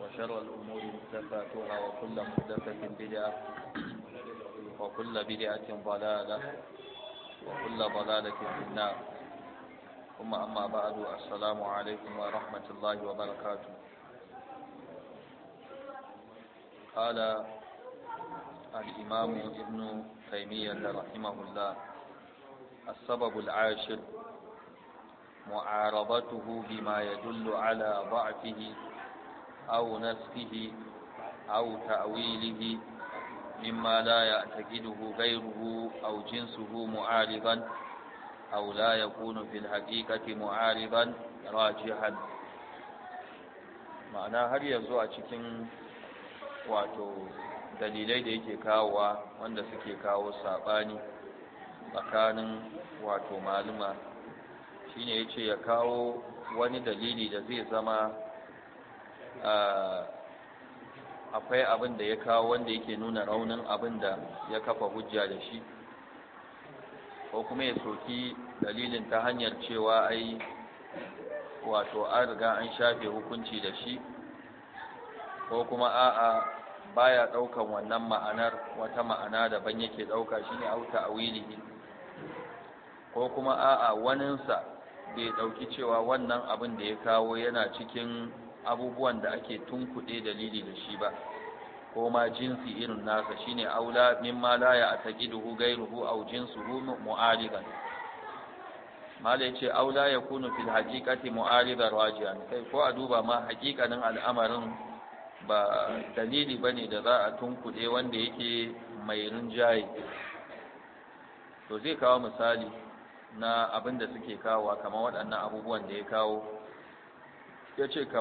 وشر الأمور محدثاتها وكل محدثة بدعة وكل بدعة ضلالة وكل ضلالة في النار ثم أما بعد السلام عليكم ورحمة الله وبركاته قال الإمام ابن تيمية رحمه الله السبب العاشر معارضته بما يدل على ضعفه أو نسخه أو تأويله مما لا يعتقده غيره أو جنسه معارضا أو لا يكون في الحقيقة معارضا راجحا ma'ana har yanzu a cikin wato dalilai da yake kawowa wanda suke kawo saɓani tsakanin wato maluma shine yace ya kawo wani dalili da zai zama Ah, akwai abin da ya kawo wanda yake nuna raunin abin da ya kafa hujja da shi ko kuma ya soki dalilin ta hanyar cewa ai wato an riga an shafe hukunci da shi ko kuma a'a baya daukan wannan ma'anar wata ma'ana daban yake dauka shine auta awilihi ko kuma a'a waninsa bai dauki cewa wannan abin da ya kawo yana cikin abubuwan da ake tunkuɗe dalili da shi ba ko ma jinsi irin nasa shine aula mimma la ya ataqiduhu ghayruhu aw jinsuhu mu'aridan mala yace aula yakunu fil haqiqati mu'aridan rajian kai ko a duba ma haƙiƙanin al'amarin ba dalili bane da za a tunkuɗe wanda yake mai rinjaye to zai kawo misali na abin da suke kawo kamar waɗannan abubuwan da ya kawo ce ka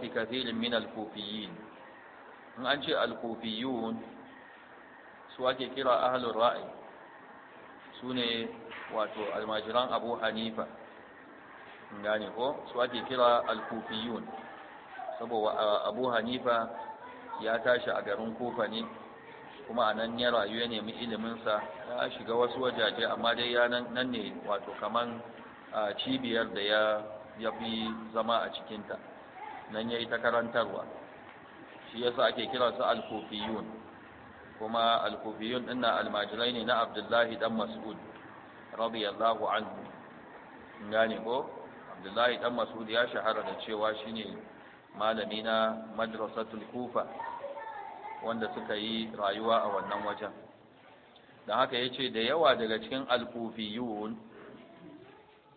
fi kathirin min al in an ce al su ake kira ahlur ra'i ne wato almajiran Abu Hanifa gane ko su ake kira al saboda Abu Hanifa ya tashi a garin Kufa ne kuma a nan ya rayu ya nemi iliminsa ya shiga wasu wajaje amma dai ya nan ne wato kaman cibiyar da ya ya fi zama a cikinta nan ya yi ta karantarwa shi yasa ake su alkofiyun kuma alkofiyun ina almajirai ne na abdullahi dan mas'ud radiyallahu anhu gane ko abdullahi Ɗan mas'ud ya shahara da cewa shine malami na madrasatul kufa wanda suka yi rayuwa a wannan wajen don haka ya ce da yawa daga cikin alkofiyun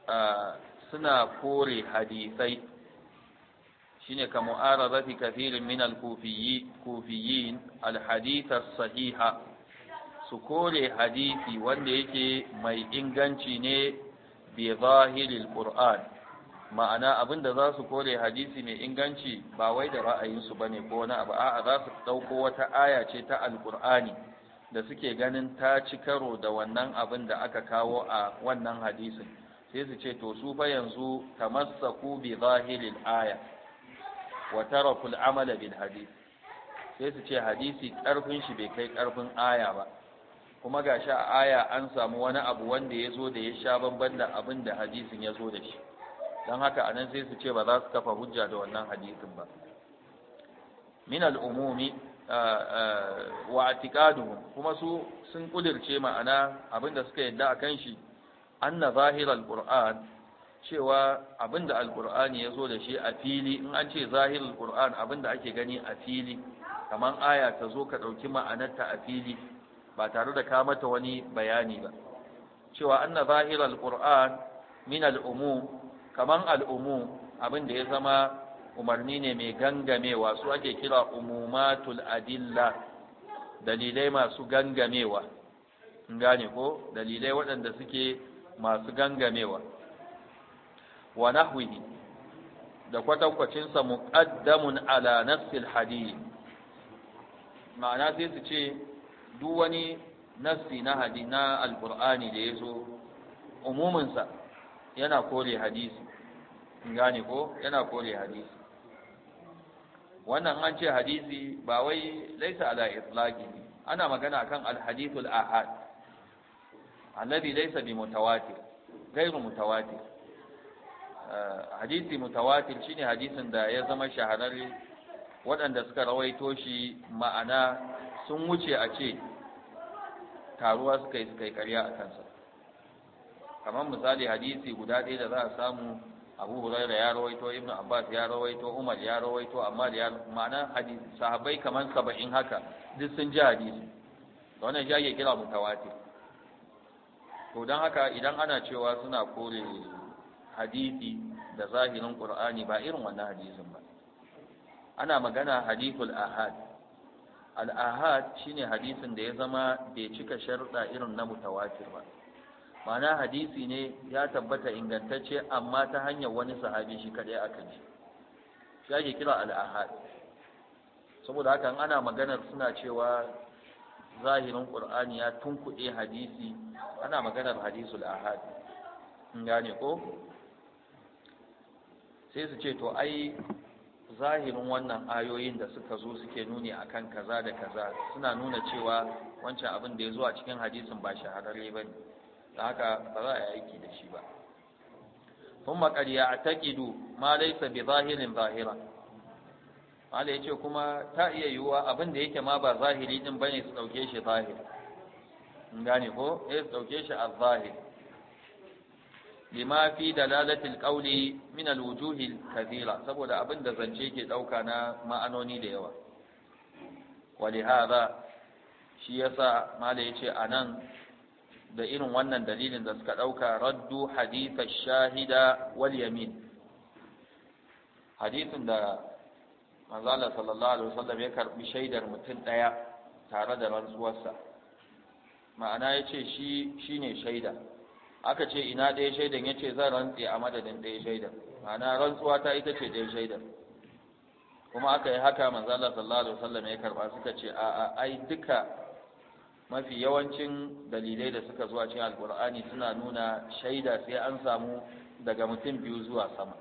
ah, suna kore hadisai shine ka mu'aradati kathirin min al-kufiyyin al-hadith as-sahiha su kore hadisi wanda yake mai inganci ne bi zahiril qur'an ma'ana abinda za su kore hadisi mai inganci ba wai da ra'ayinsu ne ko wani abu a'a za su ɗauko wata aya ce ta Alƙur'ani da suke ganin ta ci karo da wannan abin da aka kawo a wannan hadisin sai su ce to su fa yanzu tamassaku bi zahiril aya wa taraku al-amala bil hadith sai su ce hadisi karfin shi bai kai karfin aya ba kuma gashi a aya an samu wani abu wanda ya zo da ya sha bamban da abin da hadisin ya zo da shi don haka anan sai su ce ba za su kafa hujja da wannan hadisin ba min al'umumi wa atiqaduhum kuma su sun kudirce ma'ana abin da suka yadda akan shi anna zahir al-qur'an cewa abinda al-qur'ani yazo da shi a fili in an ce zahir al-qur'an abinda ake gani a fili kaman aya ta zo ka dauki ma'anarta a fili ba tare da ka mata wani bayani ba cewa anna zahir al-qur'an min al-umum kaman al-umum abinda ya zama umarni ne mai gangamewa su ake kira umumatul adilla dalilai masu gangamewa gane ko dalilai waɗanda suke masu gangamewa wa nahwihi da kwatankwacinsa muqaddamun ala nafsil hadith ma'ana sai su ce duk wani nafsi na hadi na alqur'ani da yazo umuminsa yana kore hadisi gane ko yana kore hadisi wannan an ce hadisi ba wai laisa ala itlaqi ana magana akan alhadithul ahad alladhi laysa bi mutawatir ghairu eh, mutawatir hadisi mutawatir shine hadisin da ya zama shahararre waɗanda suka rawaito shi ma'ana sun wuce a ce taruwa suka yi suka yi ƙarya a kansa kamar misali hadisi guda ɗaya da za a samu abu huraira ya rawaito Ibn abbas ya rawaito umar ya rawaito amma ya ma'ana hadisi sahabbai kamar saba'in haka duk sun ji hadisi wannan shi ake kira mutawatir to don haka idan ana cewa suna kore hadisi da zahirin qur'ani ba irin wannan hadisin ba ana magana hadithul ahad al ahad shine hadisin da ya zama bai cika sharuɗa irin na mutawatir ba Mana hadisi ne ya tabbata ingantacce amma ta hanyar wani sahabi shi kadai aka ji shi ake kira al ahad saboda haka ana maganar suna cewa zahirin qur'ani ya tunkuɗe hadisi ana maganar hadisul ahad in gane ko sai su ce to ai zahirin wannan ayoyin da suka zo suke nuni akan kaza da kaza suna nuna cewa wancan abin da ya zo a cikin hadisin ba shahararre ba ne da haka ba za a yi aiki da shi ba ثم قد يعتقد ما ليس zahirin zahira. Allah ya ce kuma ta iya yiwuwa abin da yake ma ba zahiri din bane su dauke shi zahiri in gane ko eh su dauke shi a zahir. lima fi dalalatil qawli min alwujuhi kathira saboda abin da zance ke ɗauka na ma'anoni da yawa hada shi yasa mala yace nan da irin wannan dalilin da suka ɗauka raddu hadithash shahida wal yamin hadisin da manzo Allah sallallahu alaihi wasallam ya karbi shaidar mutum daya tare da rantsuwarsa ma'ana yace shi shine shaida aka ce ina ɗaya shaidan yace zan rantse a madadin ɗaya shaidan ma'ana rantsuwa ta ita ce ɗaya shaidan kuma aka yi haka manzo Allah sallallahu alaihi wasallam ya karba suka ce a a ai duka mafi yawancin dalilai da suka zuwa cikin alqur'ani suna nuna shaida sai an samu daga mutum biyu zuwa sama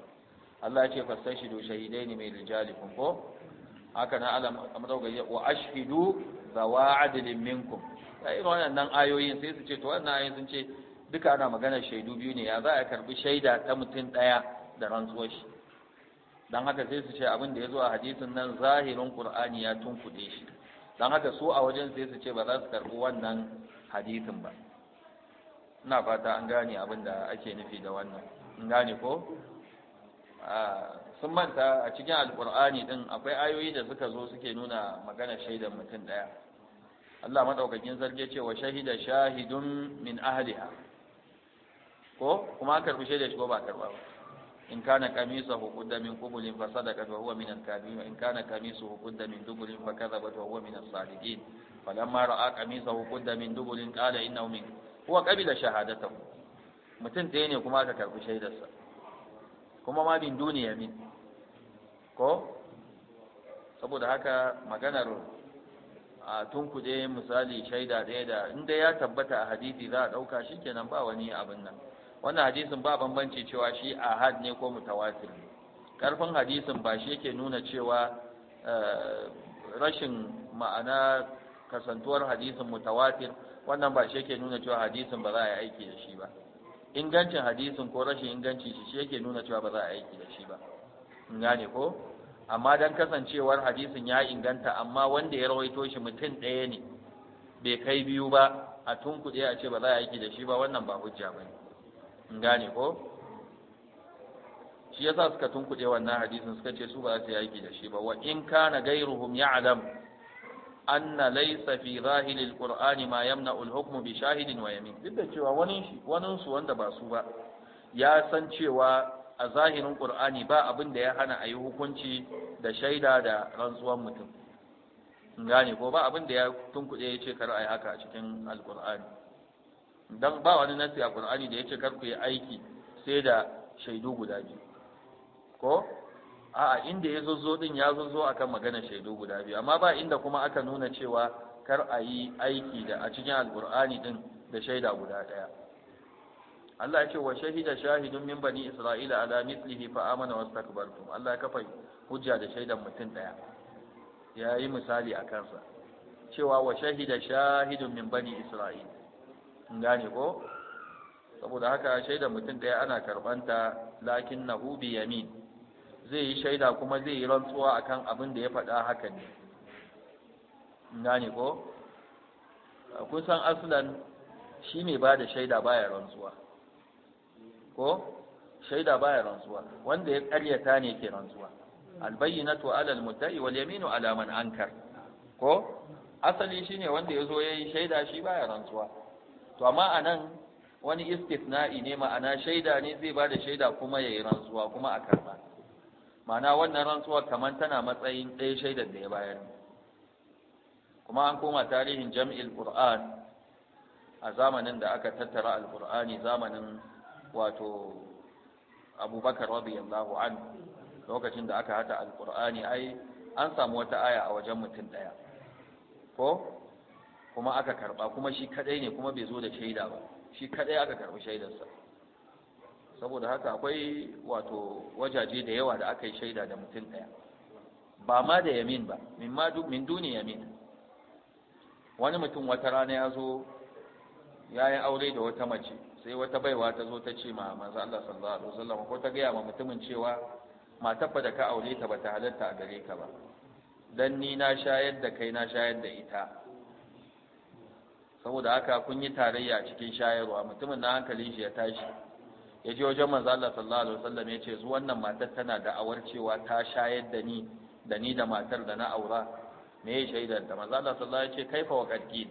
Allah ya ce fastashidu shahidaini min rijalikum ko haka na alam madaukakin wa ashhidu zawa adlin minkum Sai irin wannan ayoyin sai su ce to wannan ayoyin sun ce duka ana maganar shaidu biyu ne ya za a karbi shaida ta mutum daya da rantsuwar shi dan haka sai su ce abin da ya zo a hadisin nan zahirin qur'ani ya tunkude shi dan haka su a wajen sai su ce ba za su karbi wannan hadisin ba ina fata an gane abin da ake nufi da wannan in gane ko sun manta a cikin alkur'ani din akwai ayoyi da suka zo suke nuna magana shaidan mutum daya Allah madaukakin sarki ce wa shahida shahidun min ahliha ko kuma karbi shaida shi ko ba karba ba in kana kamisa qudda min qubulin fa sadaka wa huwa min al-kadhibin in kana kamisa qudda min dubulin fa kadhaba wa huwa min as-sadiqin falamma ra'a kamisa qudda min dubulin qala innahu min huwa qabila shahadatahu mutum ɗaya ne kuma aka karbi shaidarsa kuma ma min duniya min, ko saboda haka maganar a tunkuɗe misali shaida ɗaya da in ya tabbata a hadisi za a ɗauka shi kenan ba wani abin nan wannan hadisin ba bambanci cewa shi ahad ne ko mutawatir ne karfin hadisin ba shi yake nuna cewa eh, rashin ma'ana kasantuwar hadisin mutawatir wannan ba shi yake nuna cewa hadisin ba za a yi aiki da shi ba ingancin hadisin ko rashin inganci shi shi yake nuna cewa ba za a aiki da shi ba in gane ko amma dan kasancewar hadisin ya inganta amma wanda ya rawaito shi mutum ɗaya ne bai kai biyu ba a tunkuɗe a ce ba za a aiki da shi ba wannan ba hujja ba ne in gane ko shi yasa suka tunkuɗe wannan hadisin suka ce su ba za su yi aiki da shi ba wa in kana gairuhum ya'lam anna laysa fi zahiril qur'ani ma yamna al-hukm bi shahidin wa yamin duk cewa wani shi wani su wanda ba su ba ya san cewa a zahirin qur'ani ba abin da ya hana a yi hukunci da shaida da rantsuwan mutum gane ko ba abin da ya tunkuɗe ya ce kar a haka a cikin alƙur'ani dan ba wani nasi a ƙur'ani da ya ce kar ku yi aiki sai da shaidu guda biyu ko a'a inda ya zozo din ya zozo akan magana shaidu guda biyu amma ba inda kuma aka nuna cewa kar a yi aiki da a cikin alkur'ani din da shaida guda ɗaya Allah ya ce wa shahida shahidun min bani isra'ila ala mithlihi fa amana wastakbartum Allah ya kafa hujja da shaidan mutum ɗaya ya yi misali a kansa cewa wa shahida shahidun min bani isra'ila gane ko saboda haka shaidan mutum ɗaya ana karbanta lakin bi yamin zai yi shaida kuma zai yi rantsuwa akan abin da ya faɗa hakan ne gane ko kun san aslan shi mai ba da shaida baya rantsuwa ko shaida baya rantsuwa wanda ya ƙaryata ne ke rantsuwa albayyinatu ala almudda'i wal yaminu ala man ankar ko asali shine wanda yazo yayi shaida shi baya rantsuwa to amma anan wani istithna'i ne ma'ana shaida ne zai ba da shaida kuma yayi rantsuwa kuma a karba ma'ana wannan rantsuwa kamar tana matsayin ɗaya shaidar da ya bayar kuma an koma tarihin jam'il qur'an a zamanin da aka tattara Alƙur'ani, zamanin wato abubakar radiyallahu an lokacin da aka hata Alƙur'ani, ai an samu wata aya a wajen mutum ɗaya. ko kuma aka karɓa. kuma shi kaɗai ne kuma bai zo da shaida ba shi kaɗai aka karbi shaidarsa saboda haka akwai wato wajaje da yawa da aka yi shaida da mutum ɗaya ba ma da yamin ba min duni yamin wani mutum wata rana ya zo ya yi aure da wata mace sai wata baiwa ta zo ta ce ma manzo Allah sallallahu alaihi ko ta gaya ma mutumin cewa matar ba da ka aure ta bata halarta a gare ka ba dan ni na shayar da kai na shayar da ita saboda haka kun yi tarayya cikin shayarwa mutumin na hankali shi ya tashi ya je wajen manzo Allah sallallahu alaihi wasallam ya ce zu wannan matar tana da'awar cewa ta shayar da ni da ni da matar da na aura me ya shaida da manzo Allah sallallahu alaihi ya ce kaifa wa qadqin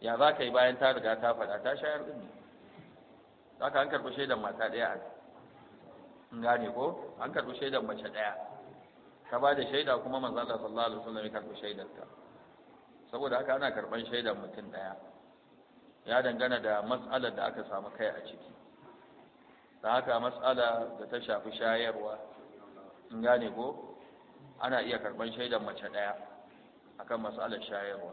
ya za ka yi bayan ta riga ta faɗa ta shayar din za ka an karɓi shaidan mata ɗaya a in gane ko an karɓi shaidan mace ɗaya ka ba da shaida kuma manzo Allah sallallahu alaihi wasallam ya karɓi shaidan ta saboda haka ana karɓan shaidan mutum ɗaya ya dangana da mas'alar da aka samu kai a ciki da haka matsala da ta shafi shayarwa in gane ko ana iya karban shaidan mace ɗaya akan matsalar shayarwa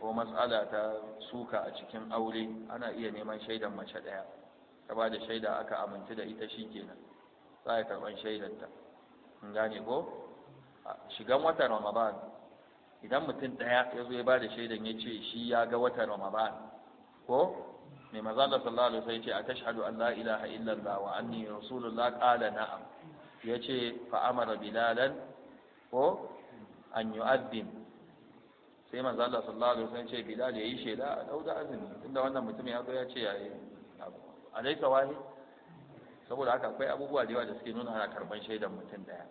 ko matsala ta suka a cikin aure ana iya neman shaidan mace ɗaya ta ba da shaida aka amince da ita shi kenan za a karban shaidanta in gane ko shigan watan ramadan idan mutum ɗaya ya zo ya ba da shaidan ya ce shi ya ga watan ramadan ko mai maza da sallallahu alaihi ce a atashhadu an la ilaha illallah wa anni rasulullah qala na'am yace fa amara bilalan ko an yu'addin sai maza da sallallahu alaihi wasallam yace bilal yayi shela a dauda azumi inda wannan mutum ya zo ya ce yayi alaika wahi saboda haka akwai abubuwa da yawa da suke nuna ana karban shaidan mutum daya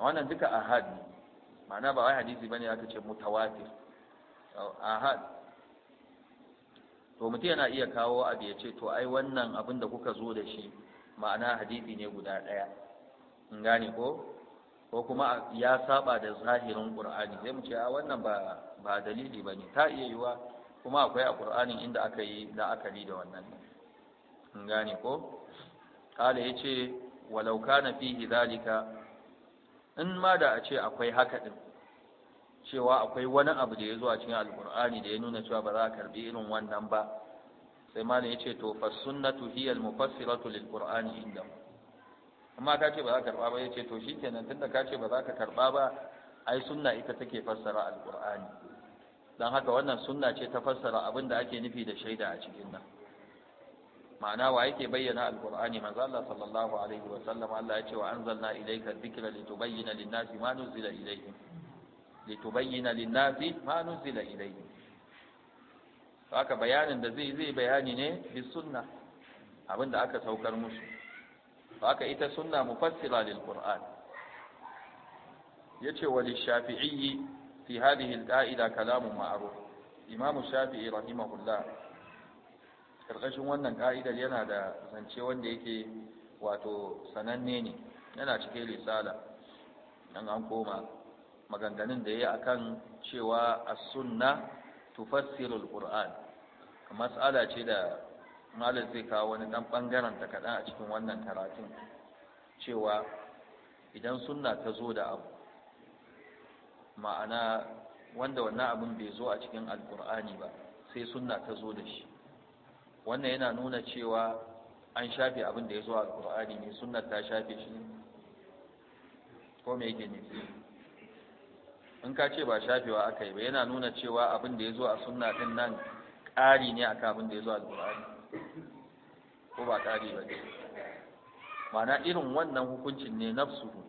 wannan duka ahad ma'ana ba wai hadisi bane aka ce mutawatir ahad to mutum yana iya kawo abu ya ce to ai wannan abin da kuka zo da shi ma'ana hadisi ne guda ɗaya in gane ko ko kuma ya saba da zahirin qur'ani sai mu ce a wannan ba ba dalili bane ta iya yiwa kuma akwai a qur'ani inda aka yi la'akari da wannan in gane ko kala yace walau kana fihi zalika in ma da a ce akwai haka din cewa akwai wani abu da ya zo a cikin alkur'ani da ya nuna cewa ba za a karbi irin wannan ba sai malam ya ce to fa sunnatu hiya al mufassiratu lil qur'ani inda amma ka ce ba za ka karba ba ya ce to shikenan tunda ka ce ba za ka karba ba ai sunna ita take fassara al qur'ani dan haka wannan sunna ce ta fassara abin da ake nufi da shaida a cikin nan ma'ana wa yake bayyana alqur'ani manzo Allah sallallahu alaihi wa sallam Allah ya ce wa anzalna ilayka dhikra litubayyana lin-nasi ma nuzila ilayhim litubayyana lin ma nuzila ilayhi haka bayanin da zai zai bayani ne bi sunna abinda aka saukar musu haka ita sunna mufassila lil-qur'an yace wa lish-shafi'i fi hadhihi al-qa'ida kalamun ma'ruf imamu shafi'i rahimahullah karkashin wannan ka'idar yana da zance wanda yake wato sananne ne yana cike risala dan an koma maganganun da ya yi akan cewa as-sunna tufassirul qur'an mas'ala ce da malam zai kawo wani dan bangaren ta kadan a cikin wannan karatun cewa idan sunna ta zo da abu ma'ana wanda wannan abun bai zo a cikin alkur'ani ba sai sunna ta zo da shi wannan yana nuna cewa an shafe abin da ya zo a alkur'ani ne sunna ta shafe shi ko me yake nufi in ka ce ba shafewa aka yi ba yana nuna cewa abin da ya zo a sunna din nan ƙari ne akan abin da ya zo a alƙur'ani ko ba ƙari ba ne Mana irin wannan hukuncin ne nafsuhu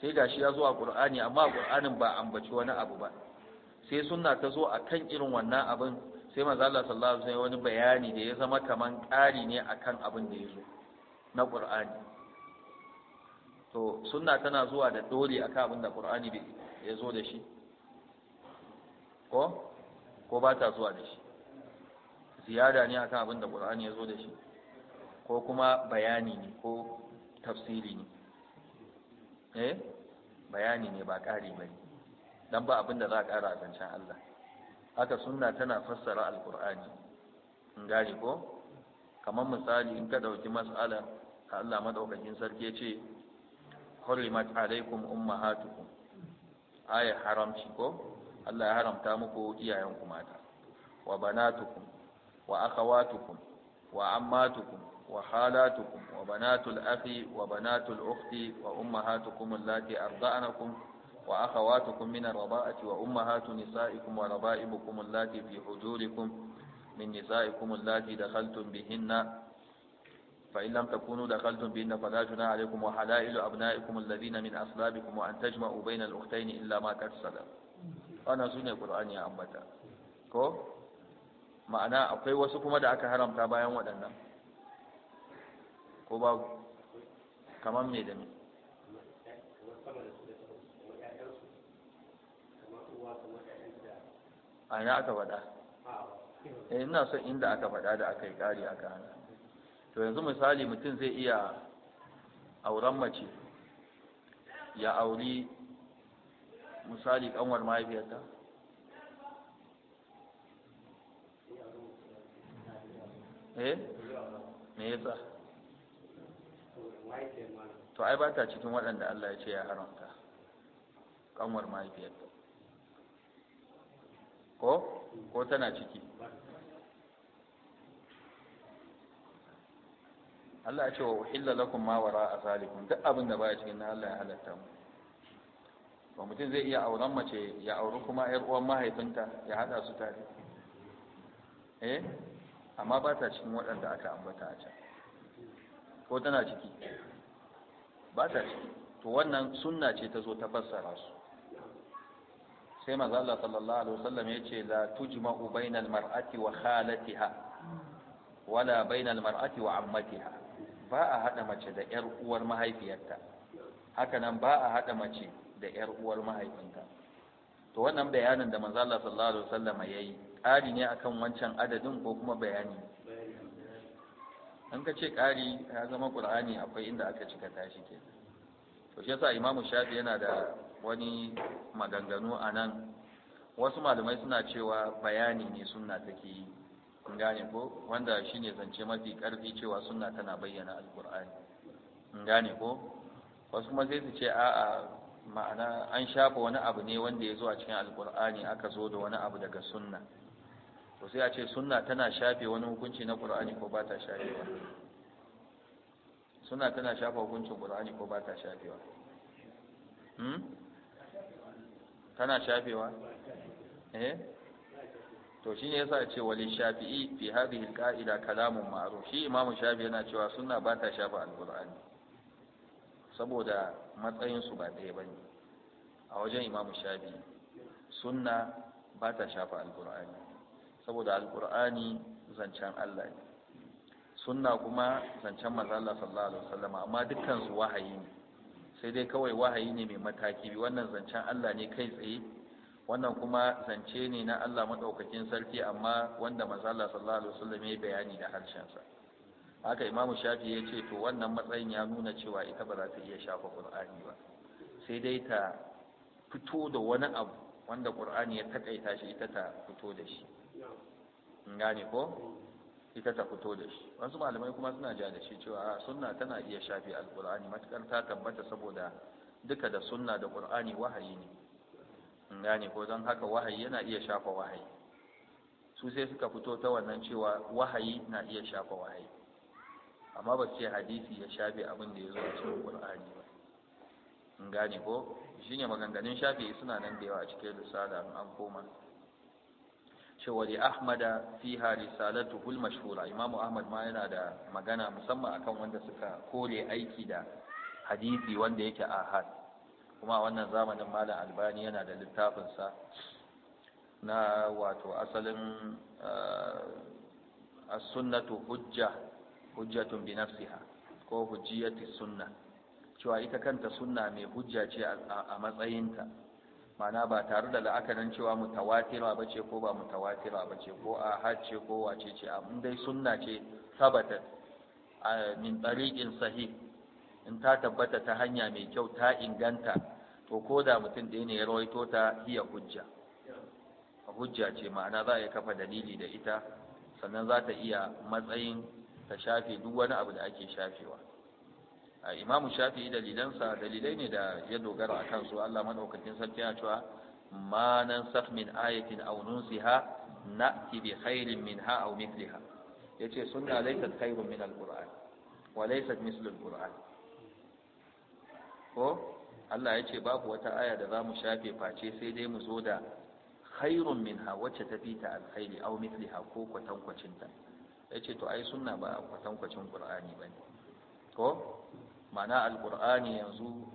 sai gashi ya zo a ƙur'ani amma ƙur'anin ba ambaci wani abu ba sai sunna ta zo a kan irin wannan abin sai manzo Allah sallallahu alaihi wani bayani da ya zama kaman ƙari ne akan abin da ya zo na ƙur'ani to sunna tana zuwa da dole akan abin da ƙur'ani ya zo da shi ko ko ba ta zuwa da shi ziyada ne akan abin da Qur'ani ya zo da shi ko kuma bayani ne ko tafsiri ne eh bayani ne ba ƙari ba ne dan ba abin da za a ƙara a zancen Allah haka sunna tana fassara alƙur'ani in gari ko kamar misali in ka ɗauki mas'ala Allah madaukakin sarki ya ce hurrimat alaikum ummahatukum aya haramci ko Allah ya haramta muku iyayenku mata wa banatukum wa akhawatukum wa ammatukum wa khalatukum wa banatul akhi wa banatul ukhti wa ummahatukum allati arda'anakum wa akhawatukum min ar-rada'ati wa ummahatu nisa'ikum wa raba'ibukum allati fi hujurikum min nisa'ikum allati dakhaltum bihinna فإن لم تكونوا دخلتم بهن فلا جناح عليكم وحلائل أبنائكم الذين من أصلابكم وأن تجمعوا بين الأختين إلا ما قد سلف wannan su ne ƙur'ani ya ambata ko ma'ana akwai wasu kuma da aka haramta bayan waɗannan ko ba kamar mai da me a ina aka faɗa eh ina son inda aka faɗa da aka yi ƙari aka hana to yanzu misali mutum zai iya auren mace ya auri misali kanwar mahaifiyarta eh me yasa to ai ba ta cikin waɗanda Allah ya ce ya haramta kanwar mahaifiyarta ko ko tana ciki Allah ya ce wa uhilla lakum ma wara'a zalikum duk abin da baya cikin Allah ya halatta mu ba mutum zai iya auren mace ya auri kuma yar uwan mahaifinta ya hada su tare eh amma ba ta cikin waɗanda aka ambata a can ko tana ciki ba ta ciki to wannan sunna ce ta zo ta fassara su sai manzo Allah sallallahu alaihi wasallam ce la tujma'u bainal mar'ati wa khalatiha wala bainal mar'ati wa ammatiha ba a hada mace da yar uwar mahaifiyarta haka nan ba a hada mace da ƴar uwar mahaifinka to wannan bayanin da manzo Allah sallallahu alaihi wasallam yayi ƙari ne akan wancan adadin ko kuma bayani an ka ce ƙari ya zama Qur'ani akwai inda aka cika tashi ke to shi yasa Imamu Shafi yana da wani maganganu nan? wasu malamai suna cewa bayani ne sunna take yi kun gane ko wanda shine zance mafi karfi cewa sunna tana bayyana alqur'ani kun gane ko wasu kuma sai su ce a'a ma'ana an shafa wani abu ne wanda ya zo a cikin alkur'ani aka zo da wani abu daga sunna to sai a ce sunna tana shafe wani hukunci na qur'ani ko ba ta shafewa sunna tana shafa hukuncin qur'ani ko ba ta shafewa hmm tana shafewa eh to shine yasa ya ce wali shafi'i fi hadhihi alqa'ida kalamun ma'ruf shi imamu shafi yana cewa sunna ba ta shafa alqur'ani saboda matsayinsu ba ɗaya ba ne a wajen imamu Shabi, sunna ba ta shafa alkur'ani saboda alkur'ani zancen allah ne sunna kuma zancen mazala sallallahu alaihi wasallam amma dukkansu wahayi ne sai dai kawai wahayi ne mai mataki wannan zancen allah ne kai tsaye wannan kuma zance ne na allah maɗaukakin sarki amma wanda mazala sallallahu alaihi wasallam ya bayani da harshensa haka imamu shafi ya ce to wannan matsayin ya nuna cewa ita ba za ta iya shafa ƙur'ani ba sai dai ta fito da wani abu wanda ƙur'ani ya taƙaita shi ita ta fito da shi in gane ko ita ta fito da shi wasu malamai kuma suna ja da shi cewa a sunna tana iya shafi alƙur'ani matuƙar ta tabbata saboda duka da sunna da ƙur'ani wahayi ne in gane ko don haka wahayi yana iya shafa wahayi su sai suka fito ta wannan cewa wahayi na iya shafa wahayi amma ba ce hadisi ya shafe abin da ya zo a cikin qur'ani ba in gane ko ne maganganun shafi suna nan da yawa a cikin risala an koma cewa da ahmada ha risalatu hul mashhura imam ahmad ma yana da magana musamman akan wanda suka kore aiki da hadisi wanda yake ahad kuma wannan zamanin malam albani yana da littafin sa na wato asalin eh, as-sunnatu hujja hujjatun bi nafsiha ko hujjiyati sunna cewa ita kanta sunna mai hujja ce a matsayinta mana ba tare da la'akarin cewa mutawatira ce, ko ba mutawatira ce, ko a hacce ko wace ce amma dai sunna ce a min tariqin sahih in ta tabbata ta hanya mai kyau ta inganta to ko da mutum da ne ya rawaito ta iya hujja hujja ce ma'ana za a kafa dalili da ita sannan za ta iya matsayin ta shafe duk wani abu da ake shafewa a imamu shafi'i dalilansa dalilai ne da ya dogara a kansu Allah madaukakin sarki ya cewa ma nan saf min ayatin aw nunsiha na'ti bi khairin minha aw mithliha yace sunna laysat khairun min alquran wa laysat mislu alquran ko Allah ya ce babu wata aya da za mu shafe face sai dai mu zo da khairun minha wacce ta fita alkhairi aw mithliha ko kwatankwacinta ya ce to ai sunna ba a kwatankwacin ƙur'ani ba ne ko mana alƙur'ani yanzu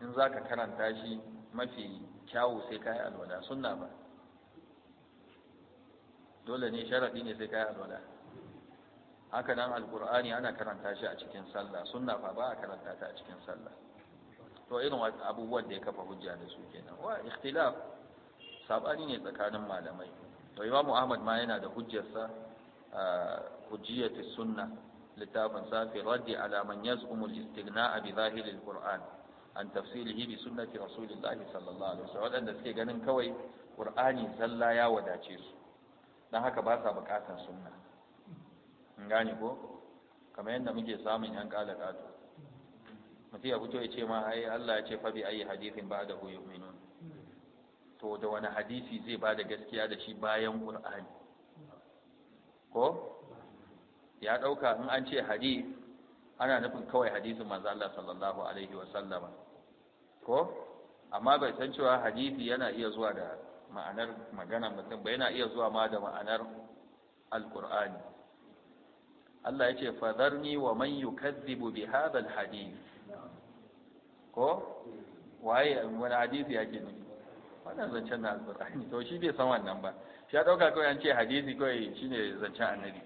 in za ka karanta shi mafi kyawu sai ka yi alwala sunna ba dole ne sharaɗi ne sai ka yi alwala haka nan alƙur'ani ana karanta shi a cikin sallah sunna ba ba a karanta ta a cikin sallah to irin abubuwan da ya kafa hujja da su kenan wa ikhtilaf sabani ne tsakanin malamai to imamu ahmad ma yana da hujjarsa حجية السنة لتابن في رد على من يزعم الاستغناء بظاهر القرآن عن تفصيله بسنة رسول الله صلى الله عليه وسلم waɗanda suke ganin kawai Qur'ani zalla ya wadace su dan haka ba sa bukatar sunna in gane ko kamar yadda muke samun yan kala kato mutum ya fito ya ce ma ai Allah ya ce fa bi ayi hadithin ba'dahu yu'minun to da wani hadisi zai bada gaskiya da shi bayan Qur'ani ko ya ɗauka in an ce hadith ana nufin kawai hadisin manzo Allah sallallahu alaihi wa sallama ko amma bai san cewa hadisi yana iya zuwa da ma'anar magana mutum ba yana iya zuwa ma da ma'anar alqur'ani Allah ya ce fadarni wa man yukazzibu bi hadha alhadith ko waye wani hadisi yake ne wannan zancen na alqur'ani to shi bai san wannan ba ya ɗauka kawai an ce hadisi kawai shine zancen annabi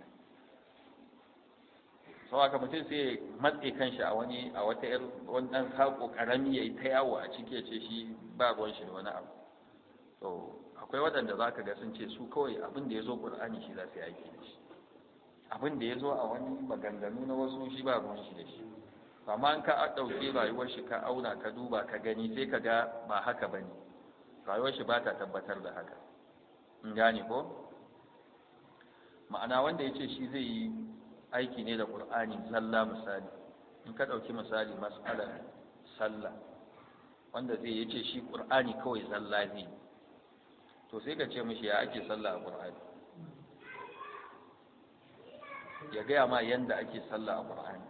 sau aka mutum sai matse shi a wani a wata yar wannan haƙo ƙarami ya yi ta yawo a ciki ya ce shi ba ruwan shi da wani abu so akwai waɗanda za ka ga sun ce su kawai abin da ya zo ƙur'ani shi za su yi aiki da shi abin da ya zo a wani maganganu na wasu shi ba ruwan shi da shi amma an ka ɗauke rayuwar shi ka auna ka duba ka gani sai ka ga ba haka ba ne rayuwar shi ba ta tabbatar da haka gane ko ma'ana wanda ya ce shi zai yi aiki ne da ƙur'ani lalla misali in ka ɗauki misali matsalar sallah wanda zai ya ce shi ƙur'ani kawai zalla zai to sai ka ce mishi ya ake sallah a ƙur'ani ya gaya ma yanda ake sallah a ƙur'ani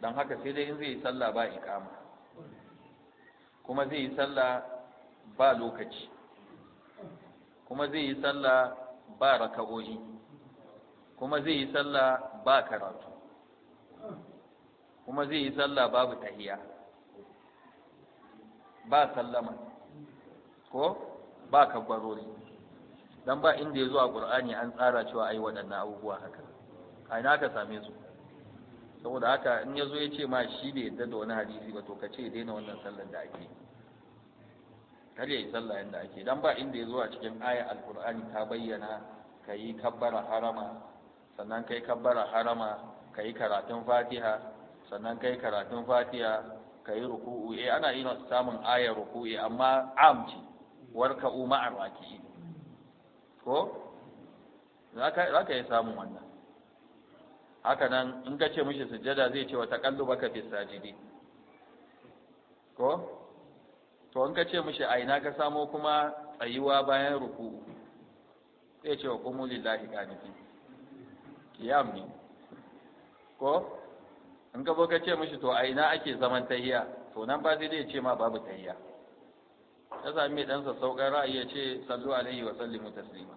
don haka sai dai in zai yi sallah ba iƙama kuma zai yi sallah ba lokaci kuma zai yi sallah ba raka'o'i kuma zai yi sallah ba karatu kuma zai yi sallah babu tahiya ba sallama ko ba kabbarori dan ba inda ya zuwa a ƙur'ani an tsara cewa ai waɗannan abubuwa haka a ina ka same su saboda haka in ya zo ya ce ma shi ne yadda da wani hadisi ba to ka ce daina wannan sallar da ake yi kar ya yi sallah yadda ake dan ba inda ya zo a cikin aya alkur'ani ta bayyana ka yi kabbara harama sannan kai kabbara harama ka yi karatun fatiha sannan ka yi karatun fatiha ka yi ruku'u eh ana yin samun aya ruku'i amma amci warka umma arwaki ko za ka yi samun wannan haka nan in ka ce mishi sujjada zai ce wa taqallubaka fi sajidi ko to in ka ce mishi a ina ka samo kuma tsayuwa bayan ruku sai ce wa kuma lillahi kanifi kiyam ne ko in ka ka ce mishi to a ina ake zaman tahiya to nan ba zai ce ma babu tahiya ta sami ɗansa saukar ra'ayi ya ce sallu alaihi wa sallimu taslima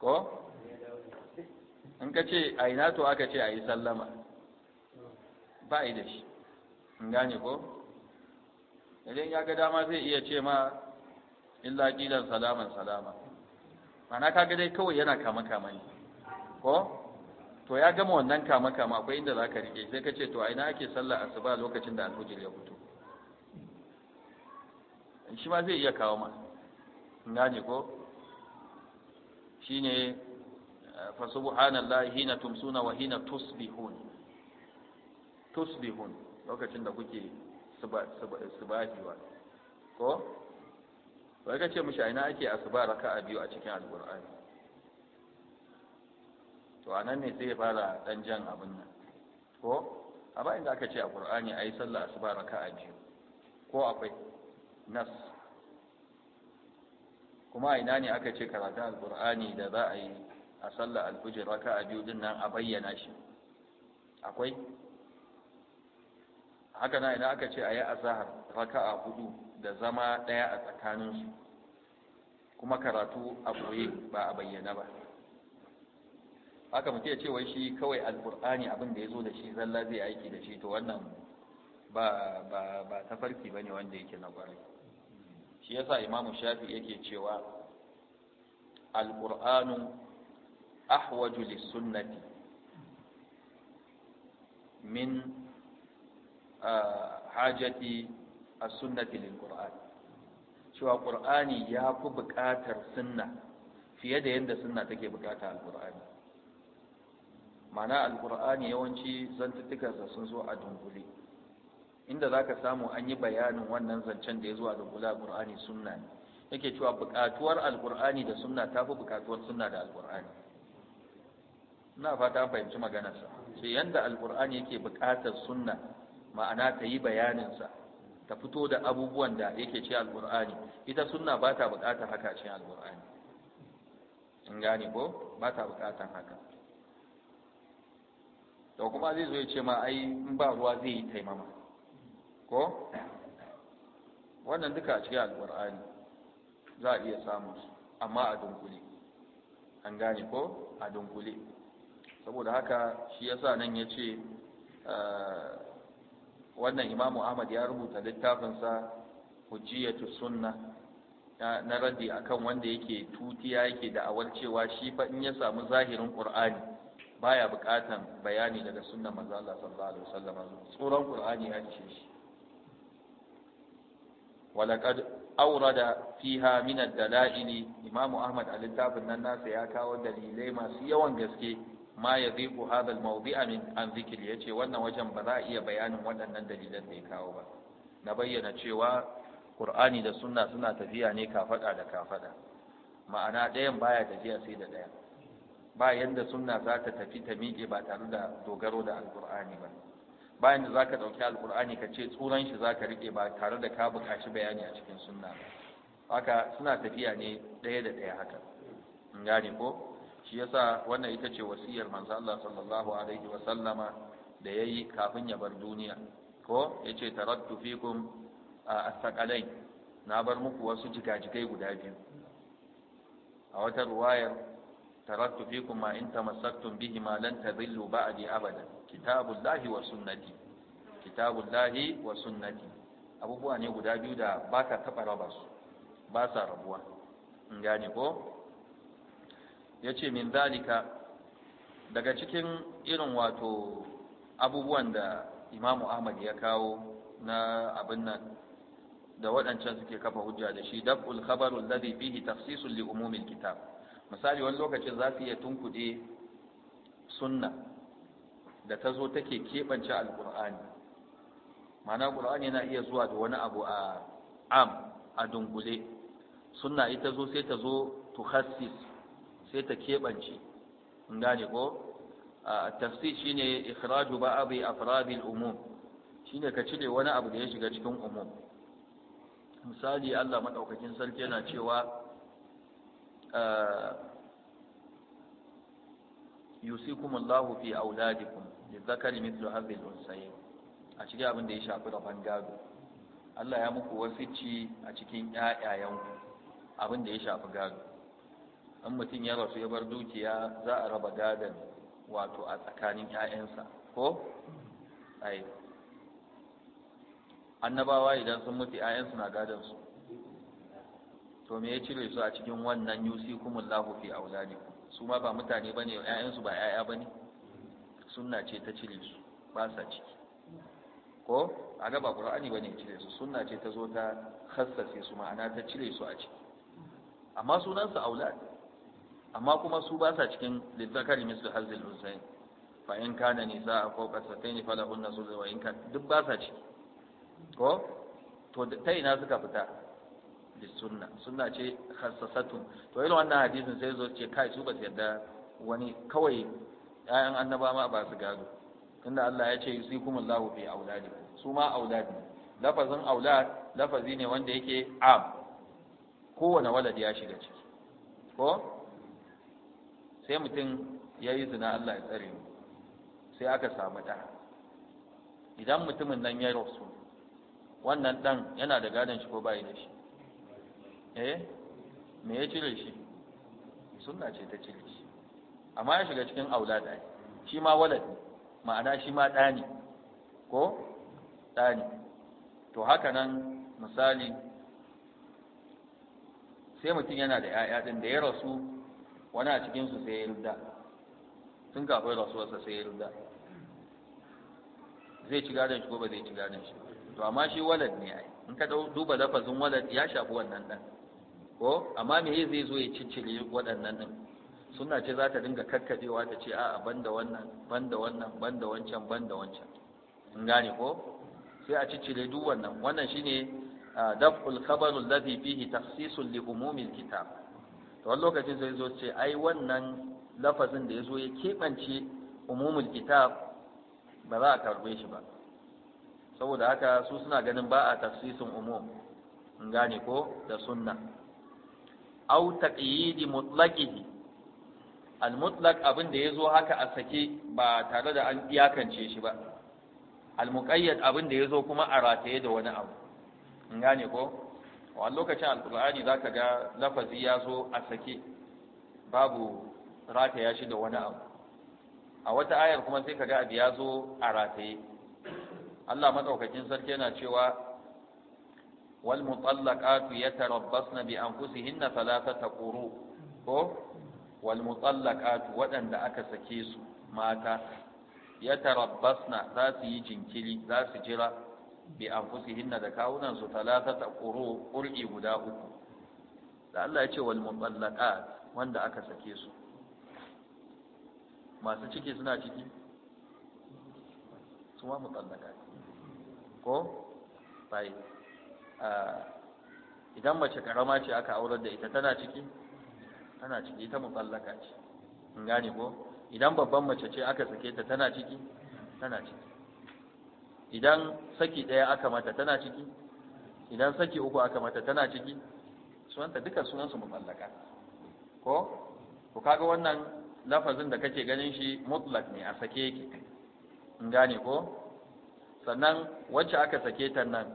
ko in ka ce a ina to aka ce a yi sallama ba da shi in gane ko idan ya ga dama zai iya ce ma illa qilan salaman salama mana ka ga dai kawai yana kama kama ne ko to ya gama wannan kama kama akwai inda zaka rike sai ka ce to a ina ake sallah asuba lokacin da alfajir ya fito shi ma zai iya kawo ma gane ko shine eh, fa subhanallahi hina tumsuna wa hina tusbihun tusbihun lokacin da kuke subahi ba ko wai ka ce mishi aina ake asuba raka'a biyu a cikin alqur'ani to anan ne sai ya fara dan jan abin nan ko a bayan da aka ce a qur'ani ayi sallah asuba raka'a biyu ko akwai nas kuma ina ne aka ce karatun alqur'ani da za a yi a sallah alfijir raka'a biyu din nan a bayyana shi akwai haka na idan aka ce a yi azahar raka'a hudu da zama ɗaya a tsakaninsu kuma karatu a boye ba a bayyana ba haka mutu ya ce wai shi kawai alkur'ani abin da ya zo da shi zalla zai aiki da shi to wannan ba farki ba ne wanda yake na kwarai shi yasa imamu shafi yake cewa alkur'anu ahwaju lis-sunnati min hajati a sunnati lil qur'an cewa qur'ani ya fi buƙatar sunna fiye da yadda sunna take buƙata al-qur'ani ma'ana al-qur'ani yawanci zantuttukansa sun zo a dunkule inda za ka samu an yi bayanin wannan zancen da ya zo a dunkule a qur'ani sunna ne yake cewa buƙatuwar al-qur'ani da sunna ta fi buƙatuwar sunna da al-qur'ani ina fata fahimci maganarsa sai yadda al-qur'ani yake buƙatar sunna ma'ana ta yi bayaninsa ta fito da abubuwan da yake ce alƙur'ani ita suna ba ta buƙatar haka a cikin alƙur'ani in gane ko ba ta buƙatar haka to kuma zai zo ya ce ma ai in ba ruwa zai yi taimama ko wannan duka a cikin alƙur'ani za a iya samun su amma a dunkule an gane ko a dunkule saboda haka shi yasa nan ya ce ah, wannan imamu ahmad ya rubuta littafinsa hujjiyatu sunna na raddi akan wanda yake tutiya yake da'awar cewa shi fa in ya samu zahirin qur'ani baya bukatan bayani daga sunnan manzo Allah sallallahu alaihi wasallam tsoron qur'ani ya ce shi walaqad awrada fiha min ad-dalail imamu ahmad a littafin nan nasa ya kawo dalilai masu yawan gaske ma ya hadha hadal, mawdia min an ya ce, wannan wajen ba za a iya bayanin waɗannan dalilan da ya kawo ba na bayyana cewa ƙur'ani da sunna suna tafiya ne kafaɗa da kafaɗa. ma'ana ɗayan baya tafiya sai da ɗaya ba yanda sunna za ta tafi ta miƙe ba tare da dogaro da alƙur'ani ba bayan da za ka ɗauki alƙur'ani ka ce tsuran shi za ka riƙe ba tare da ka buƙaci bayani a cikin sunna ba haka suna tafiya ne ɗaya da ɗaya haka in gane ko shi yasa wannan ita ce wasiyar manzo Allah sallallahu alaihi wa sallama da yayi kafin ya bar duniya ko yace tarattu fikum as-saqalain na bar muku wasu jigajigai guda biyu a wata ruwayar tarattu fikum ma in tamassaktum bihi ma lan tadillu ba'di abada kitabullahi wa sunnati kitabullahi wa sunnati abubuwa ne guda biyu da baka ka taɓa raba su ba sa rabuwa in gane ko Ya ce min zalika daga cikin irin wato abubuwan da imamu Ahmad ya kawo na abin nan da waɗancan suke kafa hujja da shi daf'ul khabarul alladhi fihi tafsisun li umumil kitab misali wani lokacin za su iya tunkuɗe sunna da ta zo take keɓance alƙur'ani ma'ana ƙur'ani yana iya zuwa da wani abu a am a dungule sunna ita zo sai ta zo tukhassis sai ta keɓance in gane ko tafsi shi ne tafsir shine ikhraju ba'abi afradil umum ne ka cire wani abu da ya shiga cikin umum misali Allah maɗaukakin sarki yana cewa Allahu fi auladikum lizakari mithlu hadhihi al-unsayayn a cikin abin da ya shafi rabon gado Allah ya muku wasici a cikin ƴaƴayenku abin da ya shafi gado an mutum ya rasu ya bar dukiya za a raba gadon wato a tsakanin 'ya'yansa ko ai annabawa idan sun mutu 'ya'yansu na gadon su to me ya cire su a cikin wannan yusi kuma yusikumullahu a wulani su ma ba mutane ba ne 'ya'yansu ba 'ya'ya ba ne suna ce ta cire su ba sa ciki ko a gaba ba ne cire su suna ce ta zo ta hassase su ma'ana ta cire su a ciki amma sunansa wulani amma kuma su ba sa cikin lizzakari mislu hazil usayn fa in kana nisaa fawqa satayn falahunna sulus wa in kan duk ba sa ciki ko to ta ina suka fita bis sunna sunna ce khassasatun to irin wannan hadisin sai zo ce kai su ba su yarda wani kawai ƴaƴan annaba ma ba su gado tunda Allah ya ce yusikumullahu fi auladikum su ma auladi lafazin aulad lafazi ne wanda yake am kowane walad ya shiga ciki ko sai mutum ya yi zina Allah ya tsare mu sai aka samu ɗa idan mutumin nan ya rasu wannan ɗan yana da gadon shi ko bayi da shi eh me ya cire shi sunna ce ta cire shi amma ya shiga cikin aula ai shi ma walad ma'ana shi ma ɗa ne ko ɗa ne to haka nan misali sai mutum yana da 'ya'ya ɗin da ya rasu wani a cikin su sai ya rubda tun kafin rasuwarsa sai ya rubda zai ci gadon shi ko ba zai ci gadon shi to amma shi walad ne ai in ka duba lafazin walad ya shafi wannan dan ko amma me zai zo ya ciccire waɗannan din suna ce za ta dinga kakkadewa ta ce a'a banda wannan banda wannan banda wancan banda wancan in gane ko sai a ciccire duk wannan wannan shine ah, daf'ul khabaru alladhi fihi takhsisun li umumil kitab to wani lokacin zai zo ce ai wannan lafazin da ya zo ya keɓance umumul kitab ba za a karbe shi ba saboda haka su suna ganin ba a tafsisin umum in gane ko da sunna au taqyidi mutlaqihi al mutlaq abin da yazo haka a sake ba tare da an iyakance shi ba al muqayyad abin da yazo kuma a rataye da wani abu in gane ko wa lokacin za zaka ga lafazi ya zo a sake babu rataya shi da wani abu a wata ayar kuma sai ka ga abu ya zo a rataye Allah madaukakin sarki yana cewa wal mutallaqatu yatarabbasna bi anfusihinna thalathata quru ko wal mutallaqatu wadanda aka sake su mata yatarabbasna za su yi jinkiri za su jira bi anfusihinna da kawunan su ta quru ƙulƙi guda uku da Allah ya ce wani mutallaqat wanda aka sake su masu ciki suna ciki su ma mutallaqat ko bai idan mace karama ce aka aurar da ita tana ciki tana ciki ita mutallaka ce in gane ko idan babban mace ce aka sake ta tana ciki tana ciki idan saki ɗaya aka mata tana ciki idan saki uku aka mata tana ciki sunanta duka sunansu mutallaka ko ku kaga wannan lafazin da kake ganin shi mutlak ne a sake yake in gane ko sannan wacce aka sake ta nan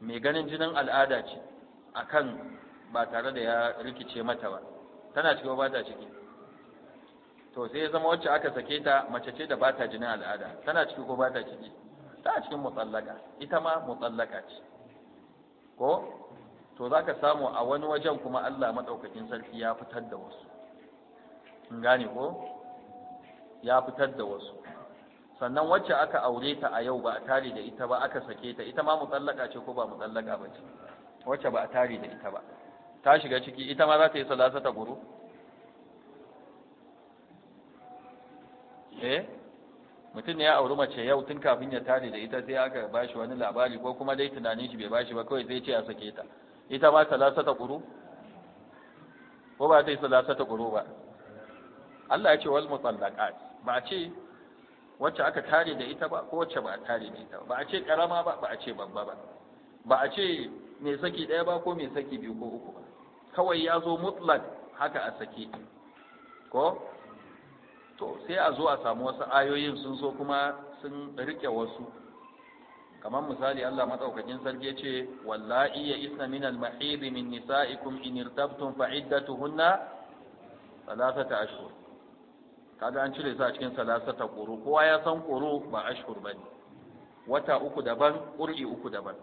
mai ganin jinin al'ada ce akan ba tare da ya rikice mata ba tana ciki ba ta ciki to sai ya zama wacce aka sake ta mace ce da ba ta jinin al'ada tana ciki ko ba ta ciki ta cikin mutsallaka ita ma mutsallaka ce ko to za ka samu a wani wajen kuma Allah maɗaukakin sarki ya fitar da wasu in gane ko ya fitar da wasu sannan wacce aka aure ta a yau ba a tare da ita ba aka sake ta ita ma mutsallaka ce ko ba mutsallaka ba ce wacce ba a tare da ita ba ta shiga ciki ita ma za ta yi salasa ta guru eh mutum ne ya auri mace yau tun kafin ya tare da ita sai aka bashi wani labari ko kuma dai tunanin shi bai bashi ba kawai zai ce ya sake ta ita ma ta ƙuru ko ba zai salasa ta ƙuru ba Allah ya ce wal mutallaqat ba a ce wacce aka tare da ita ba ko wacce ba a tare da ita ba a ce karama ba ba a ce babba ba ba a ce mai saki ɗaya ba ko mai saki biyu ko uku ba kawai ya zo mutlak haka a sake ko to sai a zo a samu wasu ayoyin sun so kuma sun rike wasu kamar misali Allah madaukakin sarki ce wallahi ya isna min al-mahid min nisaikum in irtabtum fa iddatuhunna thalathata ashhur kaga an cire su a cikin salasata quru kowa ya san quru ba ashhur bane wata uku daban qur'i uku daban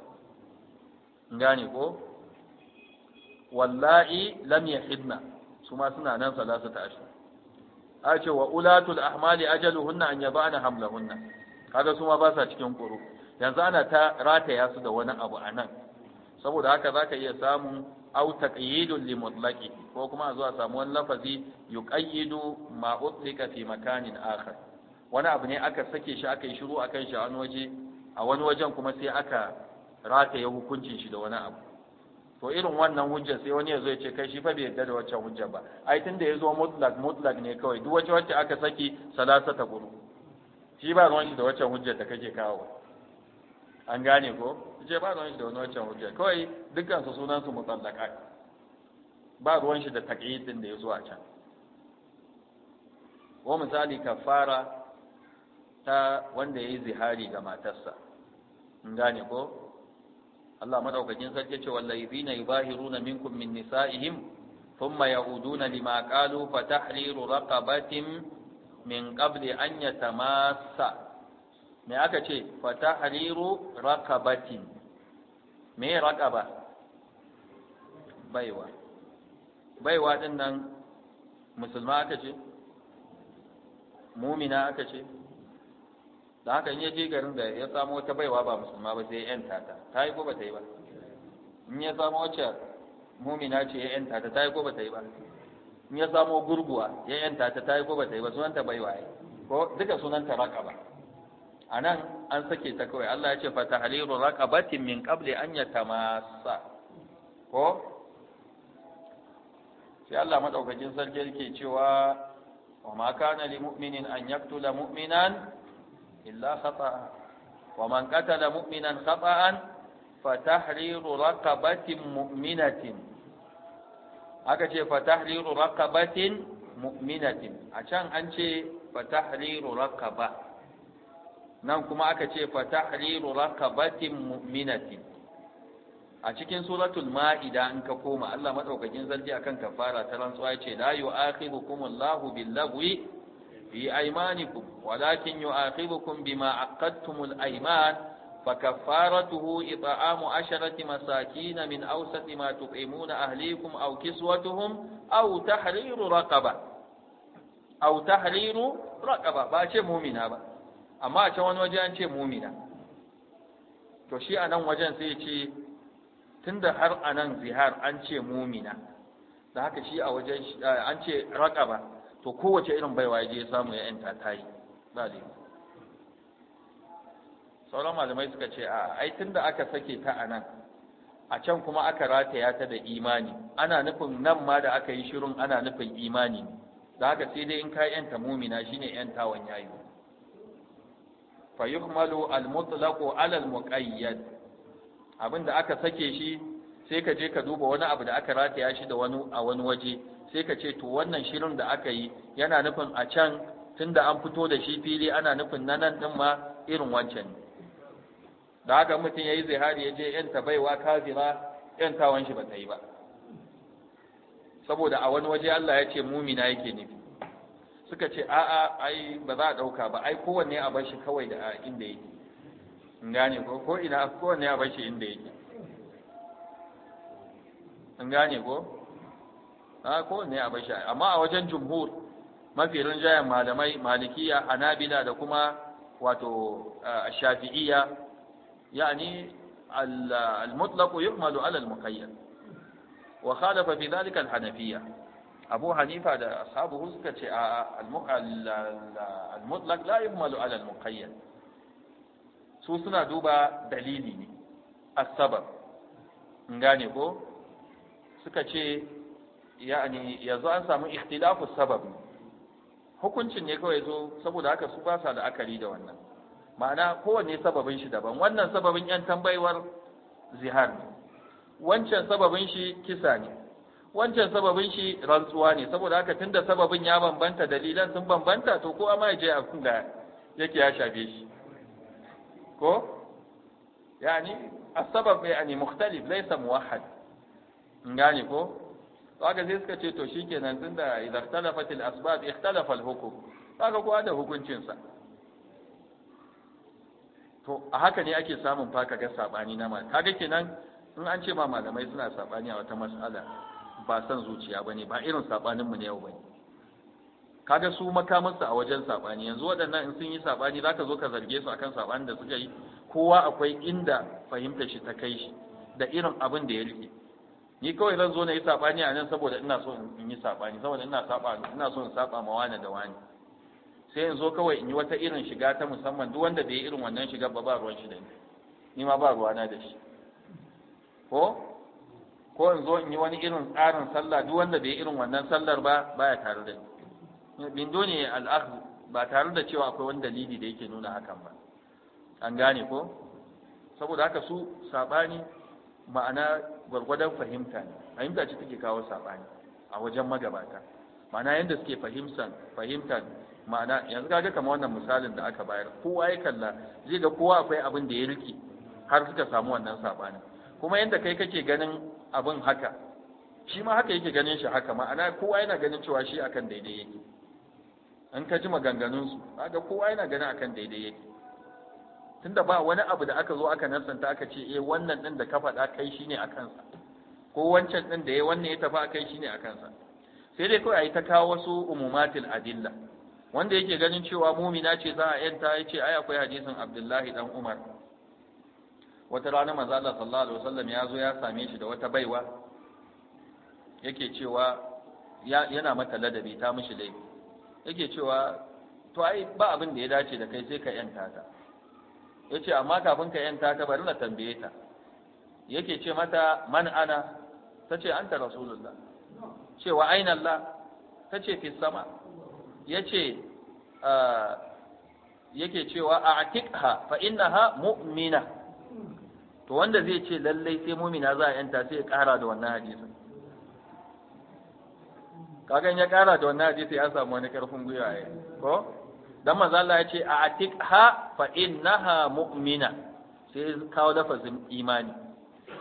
gane ko wallahi lam yahidna su ma suna nan salasata ashhur a ce wa ulatul ahmali ajaluhunna an yaba'na hamlahunna kaga su ma ba sa cikin kuru. yanzu ana ta rataya su da wani abu a nan. saboda haka zaka iya samun au taqyidun li mutlaqi ko kuma a zo a samu wani lafazi yuqayyidu ma utlika fi makanin akhar wani abu ne aka sake shi aka yi shiru akan shi a wani waje a wani wajen kuma sai aka rataya hukuncin shi da wani abu to irin wannan hujjar sai wani ya zo ya ce kai shi fa bai yarda da waccan hujjar ba ai tunda ya zo mutlak mutlak ne kawai duk wacce wacce aka saki salasa ta guru shi ba ruwan shi da wancan hujjar da kake kawo an gane ko ce ba ruwan shi da wani waccan hujjar kawai dukkan su sunan su mutallaka ba ruwan shi da taqyid da ya zo a can ko misali kafara ta wanda yayi zihari ga matarsa an gane ko Allah madaukakin sarki ce wallazina na minkum min nisa'ihim thumma yauduna lima qalu fa tahliru raqabatin min qabli an yatamassa me aka ce fa tahliru raqabatin me raqaba baiwa baiwa din nan musulma aka ce mumina aka ce da haka in ya je garin da ya samu wata baiwa ba musulma ba sai ya yanta ta ta yi ko ba ta yi ba in ya samu wacce mumina ce ya yanta ta ta yi ko ba ta yi ba in ya samu gurguwa ya yanta ta ta yi ko ba ta yi ba sunanta baiwa ya ko duka sunanta raqaba nan an sake ta kawai Allah ya ce fa tahliru raqabatin min qabli an yatamassa ko sai Allah madaukakin sarki yake cewa wa ma kana li mu'minin an yaqtula mu'minan illa khata'a wa man qatala mu'minan khata'an fatahriru raqabatin mu'minatin aka ce fatahriru raqabatin mu'minatin a can an ce fatahriru raqaba nan kuma aka ce fatahriru raqabatin mu'minatin a cikin suratul ma'ida in ka koma Allah madaukakin zalli akan kafara ta rantsuwa ya ce la yu'akhidukumullahu bil lagwi في أيمانكم ولكن يؤاخذكم بما عقدتم الأيمان فكفارته إطعام عشرة مساكين من أوسط ما تطعمون أهليكم أو كسوتهم أو تحرير رقبة أو تحرير رقبة باشي مؤمنة با أما شوان وجان شي مؤمنة توشي أنا وجان سيشي tunda أنا زهار zihar an ce mumina da haka shi a wajen an ce to kowace irin baiwa ya je ya samu ya yanta ta yi ba da sauran malamai suka ce a ai da aka sake ta a nan a can kuma aka rataya ta da imani ana nufin nan ma da aka yi shirin ana nufin imani da haka sai dai in ka yanta mumina shine yantawan yayi fa yuhmalu al-mutlaqu ala al-muqayyad abinda aka sake shi sai ka je ka duba wani abu da aka rataya shi da wani a wani waje sai ka ce to wannan shirin da aka yi yana nufin a can tunda an fito da shi fili ana nufin na nan din ma irin wancan da haka mutum ya yi zihari ya je yanta baiwa kazima yantawan shi ba ta yi ba saboda a wani waje Allah ya ce mumina yake nufi suka ce a'a ai ba za a ɗauka ba ai kowanne a bar shi kawai da inda yake in gane ko ko ina kowanne a bar shi inda yake in gane ko a kowanne a bashi amma a wajen jumhur mafi rinjayen malamai malikiya anabila da kuma wato shafi'iyya yani al-mutlaq yuhmalu ala al-muqayyad wa khalafa fi dhalika al-hanafiyya abu hanifa da ashabu suka ce a al-mutlaq la yuhmalu ala al-muqayyad su suna duba dalili ne as-sabab ngane ko suka ce yani yanzu an samu ikhtilafu sabab hukuncin ne kawai zo saboda haka su ba sa da akari da wannan ma'ana kowanne sababin shi daban wannan sababin yan tambayewar zihar ne wancan sababin shi kisa ne wancan sababin shi rantsuwa ne saboda haka tunda sababin ya bambanta dalilan sun bambanta to ko ma je abin da yake ya shafe shi ko yani asbab yani mukhtalif laysa muwahhad ngani ko kaga sai suka ce to shikenan tunda idan ikhtalafat al asbab ikhtalafa al hukm kaga kowa da hukuncin sa to a haka ne ake samun faka ga sabani na mata kaga kenan in an ce ma malamai suna sabani a wata mas'ala ba san zuciya bane ba irin sabanin mu ne yau bane kaga su makamansu a wajen sabani yanzu waɗannan in sun yi sabani zaka zo ka zarge su akan sabanin da suka yi kowa akwai inda fahimtar shi ta kai shi da irin abin da ya rike ni kawai zan zo na yi saɓani a nan saboda ina so in yi saɓani. saboda ina saɓa ina so in saba ma wani da wani sai in zo kawai in yi wata irin shiga ta musamman duk wanda bai yi irin wannan shiga ba ba ruwan shi da ni ni ma ba ruwana da shi ko ko in zo in yi wani irin tsarin sallah duk wanda bai yi irin wannan sallar ba baya tare da ni bindo ne al'akh ba tare da cewa akwai wani dalili da yake nuna hakan ba an gane ko saboda haka su saɓani ma'ana gwargwadon fahimta ne fahimta ce take kawo saɓani a wajen magabata ma'ana yadda suke fahimtar fahimta ma'ana yanzu kaga kamar wannan misalin da aka bayar kowa ya kalla zai ga kowa akwai abin da ya riki har suka samu wannan saɓani kuma yadda kai kake ganin abin haka shi ma haka yake ganin shi haka ma'ana kowa yana ganin cewa shi akan daidai yake in ka ji maganganunsu kaga kowa yana ganin akan daidai yake tunda ba wani abu da aka zo aka nasanta aka ce eh wannan din da ka faɗa kai shine a kansa ko wancan din da ya wannan ya tafi kai shine a kansa sai dai kawai a yi ta kawo wasu umumatil adilla wanda yake ganin cewa mumina ce za a yanta ya ce ai akwai hadisin abdullahi dan umar wata rana manzo Allah sallallahu alaihi wasallam ya zo ya same shi da wata baiwa yake cewa yana mata ladabi ta mishi laifi yake cewa to ai ba abin da ya dace da kai sai ka yanta ta yace amma kafin ka yanta ta bari na tambaye ta yake ce mata man ana tace anta rasulullah cewa aina Allah ce fi sama yace ah, yake cewa atikha fa innaha mu'mina to wanda zai ce lallai sai mu'mina za a yanta sai ya kara da wannan hadisin in ya kara da wannan hadisi ya samu wani karfin guyawa ko dan manzo Allah ya ce a ha fa innaha mu'mina sai kawo lafazin imani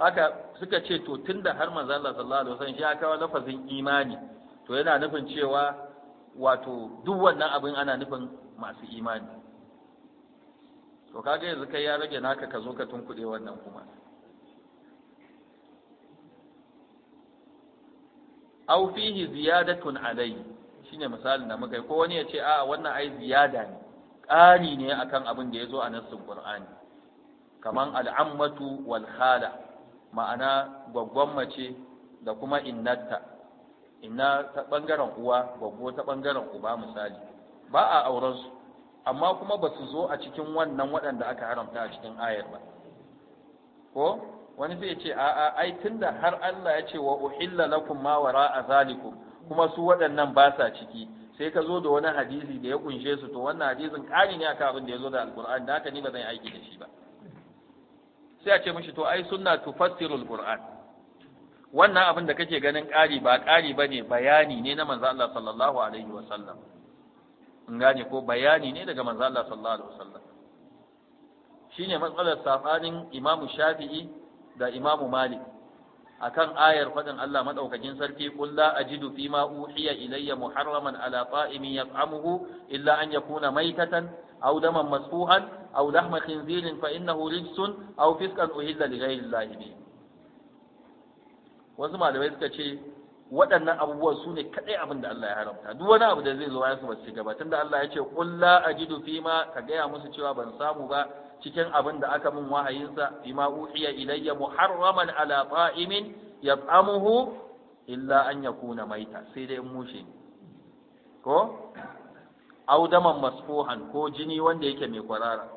haka suka ce to tunda har manzo Allah sallallahu alaihi wasallam shi ya kawo lafazin imani to yana nufin cewa wato duk wannan abin ana nufin masu imani to kaga yanzu kai ya rage naka ka zo ka tunkuɗe wannan kuma aw fihi ziyadatun alayhi shine misalin da muka yi ko wani ya ce a wannan ai ziyada ne ƙari ne akan abin da ya zo a nassin Qur'ani kaman al'ammatu wal khala ma'ana gwaggwan mace da kuma innata inna ta bangaren uwa gwaggo ta bangaren uba misali ba a auren su amma kuma ba su zo a cikin wannan waɗanda aka haramta a cikin ayar ba ko wani zai ce a'a ai tunda har Allah ya ce wa uhilla lakum ma wara'a zalikum kuma su waɗannan ba sa ciki sai ka zo da wani hadisi da ya kunshe su to wannan hadisin ƙari ne akan abin da ya zo da alƙur'ani da haka ni ba zan aiki da shi ba sai a ce mishi to ai sunna tufassiru alqur'an wannan abin da kake ganin ƙari ba ƙari bane bayani ne na manzo Allah sallallahu alaihi wasallam in gane ko bayani ne daga manzo Allah sallallahu alaihi wasallam shine matsalar safanin Imam Shafi'i da Imam Malik akan ayar faɗin Allah maɗaukakin sarki qul la ajidu fima uhiya ilayya muharraman ala ta'imin yat'amuhu illa an yakuna maytatan aw daman masfuhan aw lahma khinzirin fa innahu rijsun aw fiskan uhilla li ghayri Allah bi wasu malamai suka ce waɗannan abubuwan su ne kaɗai abin da Allah ya haramta duk wani abu da zai zo ya su ba su gaba tunda Allah ya ce qul la ajidu ka gaya musu cewa ban samu ba cikin abin da aka min wahayinsa bima uhiya ilayya muharraman ala ta'imin yat'amuhu illa an yakuna maita sai dai mushe ne ko aw masfuhan ko jini wanda yake mai kwarara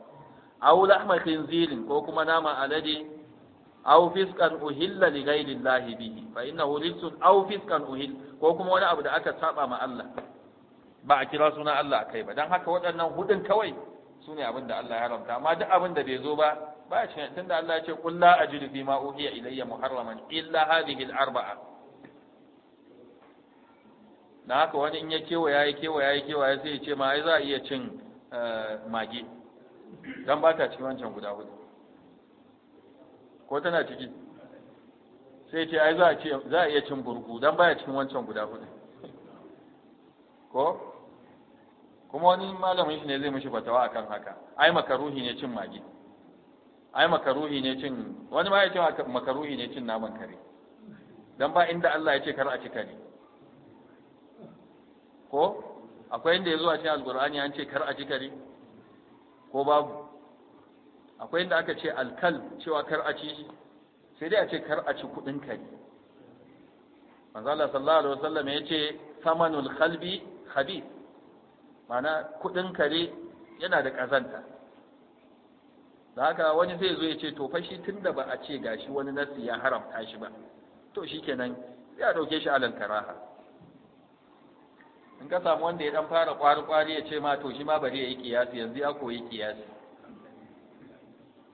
aw lahma khinzirin ko kuma nama alade aw fiskan uhilla li ghairi bihi fa innahu rijsun aw fiskan uhil ko kuma wani abu da aka saba ma Allah ba a kira suna Allah kai ba dan haka waɗannan hudun kawai su ne abin da Allah ya haramta amma duk abin da bai zo ba ba shi tunda Allah ya ce qul la ajidu fi ma uhiya ilayya muharraman illa hadhihi al-arba'a na haka wani in ya kewaya ya kewaya ya kewaya sai ya ce ma ai za a iya cin eh, mage dan ba ta cikin wancan guda hudu ko tana ciki sai ya ce ai za a iya cin burgu dan ya cikin wancan guda hudu ko kuma wani malamin shi ne zai mishi fatawa a kan haka ai makaruhi ne cin magi ai makaruhi ne cin wani ma ya ce makaruhi ne cin naman kare dan ba inda Allah ya ce kar a ci kare ko akwai inda ya zo a cikin alkur'ani an ce kar a ci kare ko babu akwai inda aka ce alkal cewa kar a ci sai dai a ce kar a ci kudin kare manzo Allah sallallahu alaihi wasallam ya ce samanul khalbi khabith mana kudin kare yana da kazanta da haka wani zai zo ya ce to fa shi tunda ba a ce gashi wani nasi ya haramta shi ba to shikenan ya dauke shi alal karaha in ka samu wanda ya dan fara kwari kwari ya ce ma to shi ma bari ya yi kiyasi yanzu ya koyi kiyasi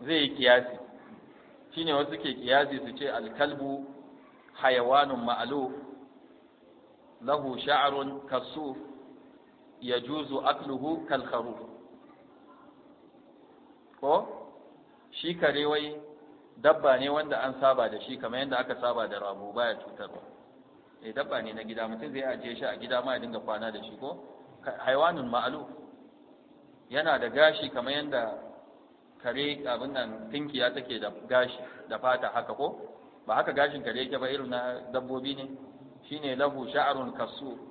zai yi kiyasi shine wasu ke kiyasi su ce alkalbu hayawanun ma'alu lahu sha'arun kasuf yajuzu akluhu kal ko shi kare wai dabba ne wanda an saba da shi kamar yadda aka saba da rago baya cutarwa eh dabba ne na gida mutum zai ajiye shi a gida ma ya dinga kwana da shi ko haiwanun ma'alu yana da gashi kamar yadda kare abin nan tinkiya take da gashi da fata haka ko ba haka gashin kare yake ba irin na dabbobi ne shine lahu sha'run kasu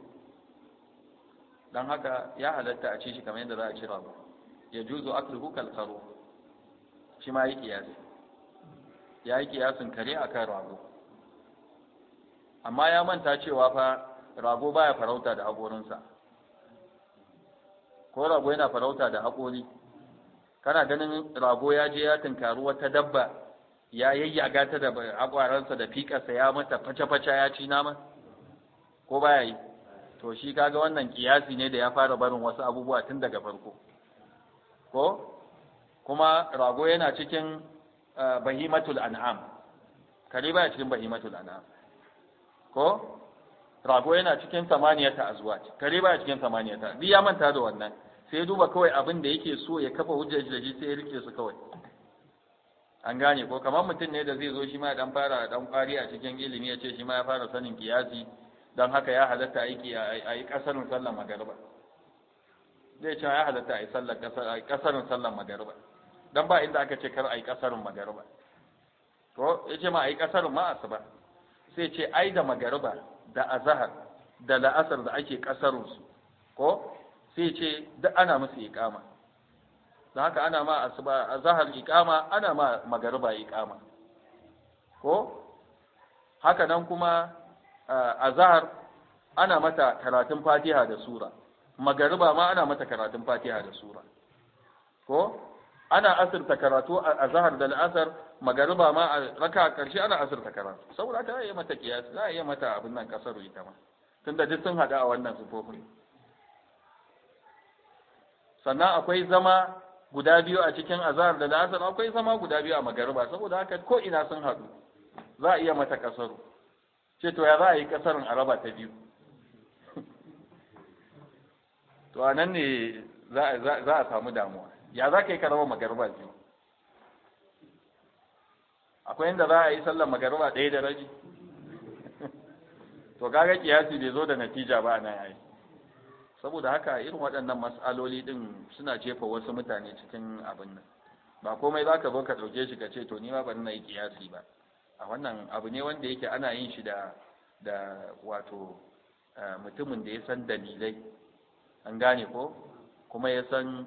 dan haka ya halatta a ci shi kamar yadda za a ci rago ya juzu akluhu kal karo shi ma yi kiyasi ya yi kiyasin kare a kan rago amma ya manta cewa fa rago baya farauta da haƙorinsa ko rago yana farauta da haƙori kana ganin rago ya je ya tunkaru wata dabba ya yayyaga ta da haƙwaransa da fikarsa ya mata face-face ya ci nama ko baya yi to shi kaga wannan kiyasi ne da ya fara barin wasu abubuwa tun daga farko ko kuma rago yana cikin eh, bahimatul an'am kare baya cikin bahimatul an'am ko rago yana cikin samaniyata azwaj kare baya cikin samaniyata Bi ya manta da wannan sai duba kawai abin da yake so ya kafa hujjar da shi sai ya rike su kawai an gane ko kamar mutum ne da zai zo shi ma dan fara dan kwari a cikin ilimi ya ce shi ma ya fara sanin kiyasi don haka ya halatta aiki a yi ƙasarin sallar magariba zai ce ya halatta a yi ƙasarin sallar magariba don ba inda aka ce kar a yi ƙasarin magariba to ya ce ma a yi ƙasarin ma asuba sai ce ai da magariba da azahar da la'asar da ake su ko sai ce duk ana musu iƙama don haka ana ma asuba azahar iƙama ana ma magariba iƙama ko haka nan kuma azhar ana mata karatun fatiha da sura magariba ma ana mata karatun fatiha da sura ko ana asirta karatu a azhar da al'asar magariba ma a raka karshe ana asirta karatu saboda ta yi mata kiyas za a yi mata abin nan kasar ita ma tunda duk sun hada a wannan sufofin sannan akwai zama guda biyu a cikin azhar da al'asar akwai zama guda biyu a magariba saboda haka ko ina sun hadu za a iya mata kasaru ce to ya za a yi ƙasar a raba ta biyu to a nan ne za a samu damuwa ya za ka yi karama magarba biyu akwai inda za a yi sallar magarba ɗaya da rabi to kaga kiyasi bai zo da natija ba na yayi saboda haka irin waɗannan mas'aloli din suna jefa wasu mutane cikin abin nan ba komai za ka zo ka ɗauke shi ka ce to ni ma ban na yi kiyasi ba a wannan abu ne wanda yake ana yin shi da da wato eh, mutumin da ya san dalilai an gane ko kuma ya san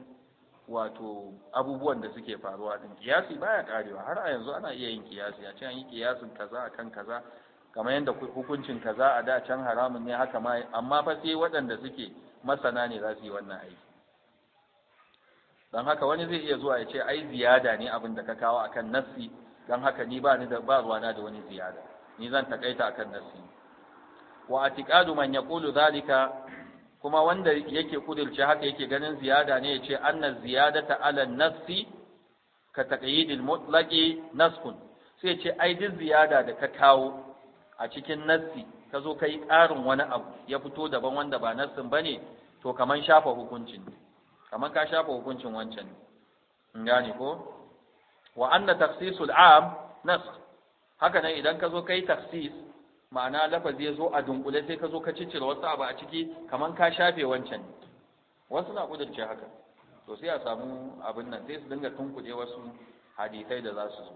wato abubuwan da suke faruwa din kiyasi baya karewa har a yanzu ana iya yin kiyasi a can yi kiyasin kaza akan kaza kamar yadda hukuncin kaza a da can haramun ne haka ma amma fa sai waɗanda suke masana ne za su yi wannan aiki don haka wani zai iya zuwa ya ce ai ziyada ne abin da ka kawo akan nassi dan haka ni ba ni da ba ruwana da wani ziyara. ni zan takaita akan nafsi wa atiqadu man yaqulu zalika kuma wanda yake kudurci haka yake ganin ziyada ne yace anna ziyadata ala nafsi ka taqyidil mutlaqi naskun sai yace ai duk ziyada da ka kawo a cikin nassi ka zo kai ƙarin wani abu ya fito daban wanda ba nassin bane to kaman shafa hukuncin kaman ka shafa hukuncin wancan ne gane ko wa anna takhsisul am nas haka nan idan ka zo kai takhsis ma'ana lafazi ya zo a dunkule sai ka zo ka ciccire wasu abu a ciki kaman ka shafe wancan wasu na kudurce haka to sai a samu abin nan sai su dinga tunkuje wasu hadisai da za su zo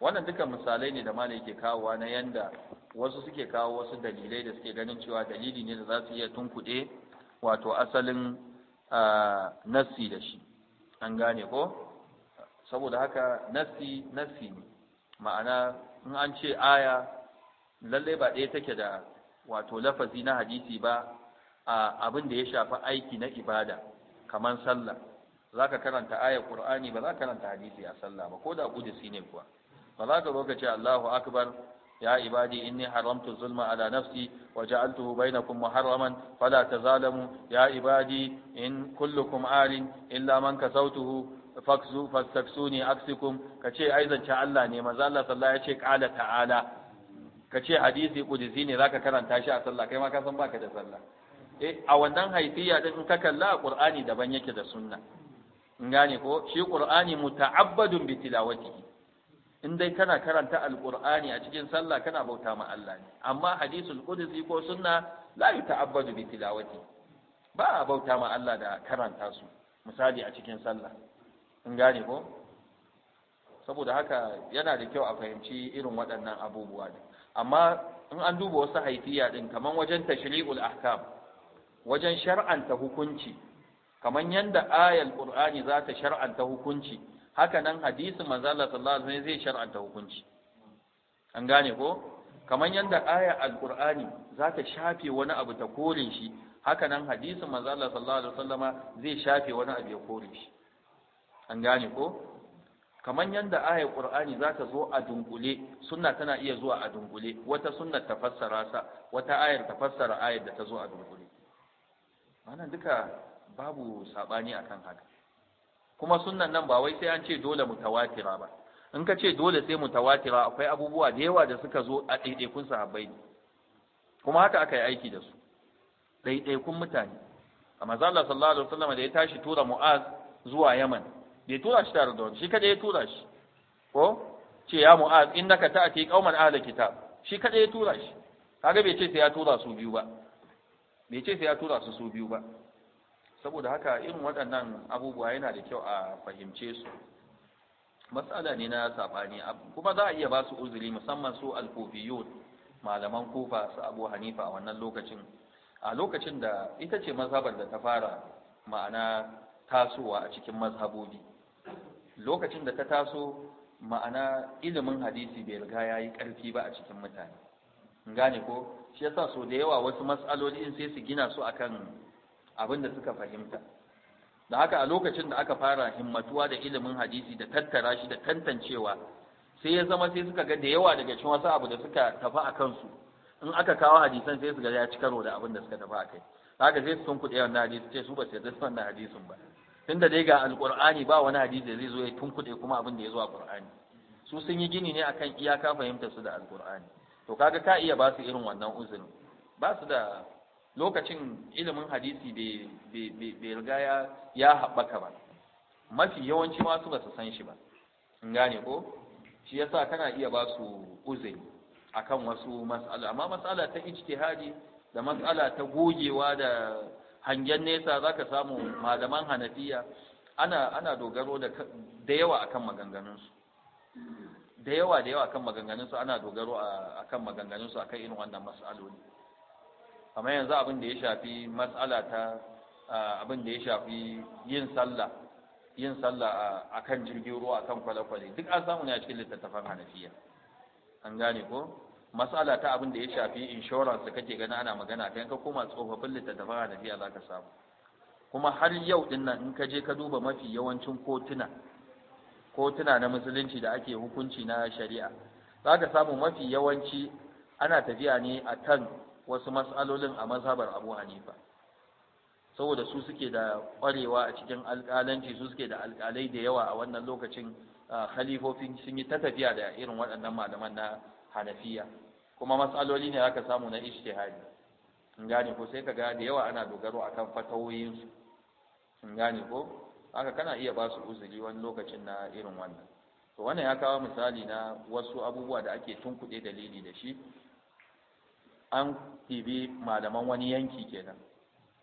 wannan duka misalai ne da mala yake kawowa na yanda wasu suke kawo wasu dalilai da suke ganin cewa dalili ne da za su iya tunkuɗe wato asalin ah, nasi da shi an gane ko saboda haka nassi nassi ne ma'ana in an ce aya lalle ba ɗaya take da wato lafazi na hadisi ba a abin da ya shafi aiki na ibada kamar sallah zaka karanta ayar qur'ani ba za ka karanta hadisi a sallah ba ko da kudusi ne kuwa ba za ka zo ka ce Allahu akbar ya ibadi inni haramtu zulma ala nafsi wa ja'altuhu bainakum muharraman fala tazalamu ya ibadi in kullukum alin illa man kasawtuhu faksu fastaksuni aksikum kace ai zance Allah ne manzo Allah sallallahu alaihi wasallam ya ce qala ta'ala kace hadisi qudsi ne zaka karanta shi a sallah kai ma ka san baka da sallah eh a wannan haifiya din ka kalla qur'ani daban yake da sunna in gane ko shi qur'ani muta'abbadun bi tilawatihi in dai kana karanta alqur'ani a cikin sallah kana bauta ma Allah ne amma hadisul qudsi ko sunna la yuta'abbadu bi tilawati ba a bauta ma Allah da karanta su misali a cikin sallah sun gane ko saboda haka yana da kyau a fahimci irin waɗannan abubuwa ne amma in an duba wasu haifiya din kaman wajen tashri'ul ahkam wajen shar'anta hukunci kaman yadda ayal qur'ani za ta shar'anta hukunci haka nan hadisi manzo Allah sallallahu alaihi wasallam zai shar'anta hukunci an gane ko kaman yadda aya alqur'ani za ta shafe wani abu ta kore shi haka nan hadisin manzo Allah sallallahu alaihi wasallama zai shafe wani abu ya kore shi an gane ko kamar yadda ayar qur'ani za ta zo a dunkule sunna tana iya zuwa a dunkule wata sunna ta fassara sa wata ayar ta fassara ayar da ta zo a dunkule wannan duka babu sabani akan haka kuma sunnan nan ba wai sai an ce dole mutawatira ba in ka ce dole sai mutawatira akwai abubuwa da yawa da suka zo a ɗaiɗaikun sahabbai ne kuma haka aka yi aiki da su ɗaiɗaikun mutane a mazala sallallahu alaihi wasallam da ya tashi tura mu'az zuwa yaman bai tura shi tare da wani shi kada ya tura shi ko ce ya mu'az innaka ta'ti qauman ahli kitab shi kada ya tura shi kaga bai ce sai ya tura su biyu ba bai ce sai ya tura su su biyu ba saboda haka irin waɗannan abubuwa yana da kyau a fahimce su matsala ne na sabani kuma za a iya ba su uzuri musamman su al-kufiyun malaman kufa su Abu Hanifa a wannan lokacin a lokacin da ita ce mazhabar da ta fara ma'ana tasowa a cikin mazhabobi lokacin da ta taso ma'ana ilimin hadisi bai riga ya yi ƙarfi ba a cikin mutane gane ko shi yasa so da yawa wasu matsaloli in sai su gina su akan abin da suka fahimta da haka a lokacin da aka fara himmatuwa da ilimin hadisi da tattara shi da tantancewa sai ya zama sai suka ga da yawa daga cikin wasu abu da suka tafi a kansu in aka kawo hadisan sai su ga ya ci karo da abin da suka tafi a kai haka sai su sun kuɗe wannan hadisi ce su ba su yarda wannan hadisin ba tunda dai ga alqur'ani ba wani hadisi da zai zo ya tunkuɗe kuma abin da ya zo a qur'ani su sun yi gini ne akan iyaka fahimtar su da alqur'ani to kaga ka iya ba su irin wannan uzurin ba su da lokacin ilimin hadisi bai riga ya haɓaka ba mafi yawanci su ba su san shi ba in gane ko shi yasa kana iya ba su uzuri akan wasu mas'ala amma mas'ala ta ijtihadi da mas'ala ta gogewa da hangen nesa za ka samu malaman hanafiya ana ana dogaro da da yawa akan maganganunsu da yawa da yawa akan maganganunsu ana dogaro akan maganganunsu akan irin wannan mas'aloli amma yanzu abin da ya shafi mas'ala ta abin da ya shafi yin sallah yin sallah akan jirgin ruwa akan kwale-kwale duk an samu ne a cikin littattafan hanafiya an gane ko masala ta abin da ya shafi insurance kake gani ana magana kai ka koma tsofaffin littattafan hanafiya za ka samu kuma har yau din nan in ka je ka duba mafi yawancin kotuna kotuna na musulunci da ake hukunci na shari'a za ka samu mafi yawanci ana tafiya ne a kan wasu matsalolin a mazhabar abu hanifa saboda su suke da ƙwarewa a cikin alƙalanci su suke da alƙalai da yawa a wannan lokacin ah, khalifofin sun yi ta tafiya da irin waɗannan malaman na hanafiya kuma matsaloli ne aka samu na ijtihadi in gane ko sai ga da yawa ana dogaro akan fatawoyin su in gane ko aka kana iya ba su uzuri wani lokacin na irin wannan to wannan ya kawo misali na wasu abubuwa da ake tunkuɗe dalili da shi an ɗibi malaman wani yanki kenan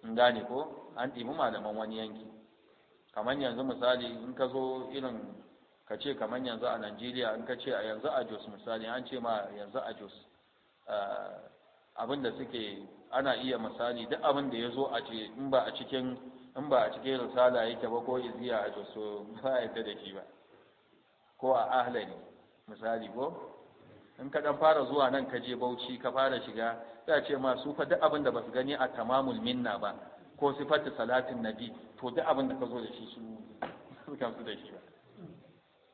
in gane ko an ɗibi malaman wani yanki kamar yanzu misali in ka zo irin ka ce kamar yanzu a Najeriya in ka ce a yanzu a Jos misali an ce ma yanzu a Jos Eh, abin da suke ana iya misali duk abin da ya zo a ce in ba a cikin in ba a cikin risala yake ba ko iziya a so ba a yadda da shi ba ko a ahlani misali ko in ka dan fara zuwa nan ka je bauchi ka fara shiga za ce ma su fa duk abin da ba su gani a tamamul minna ba ko sifatu salatin nabi to duk abin da ka zo da shi su su kamsu da shi ba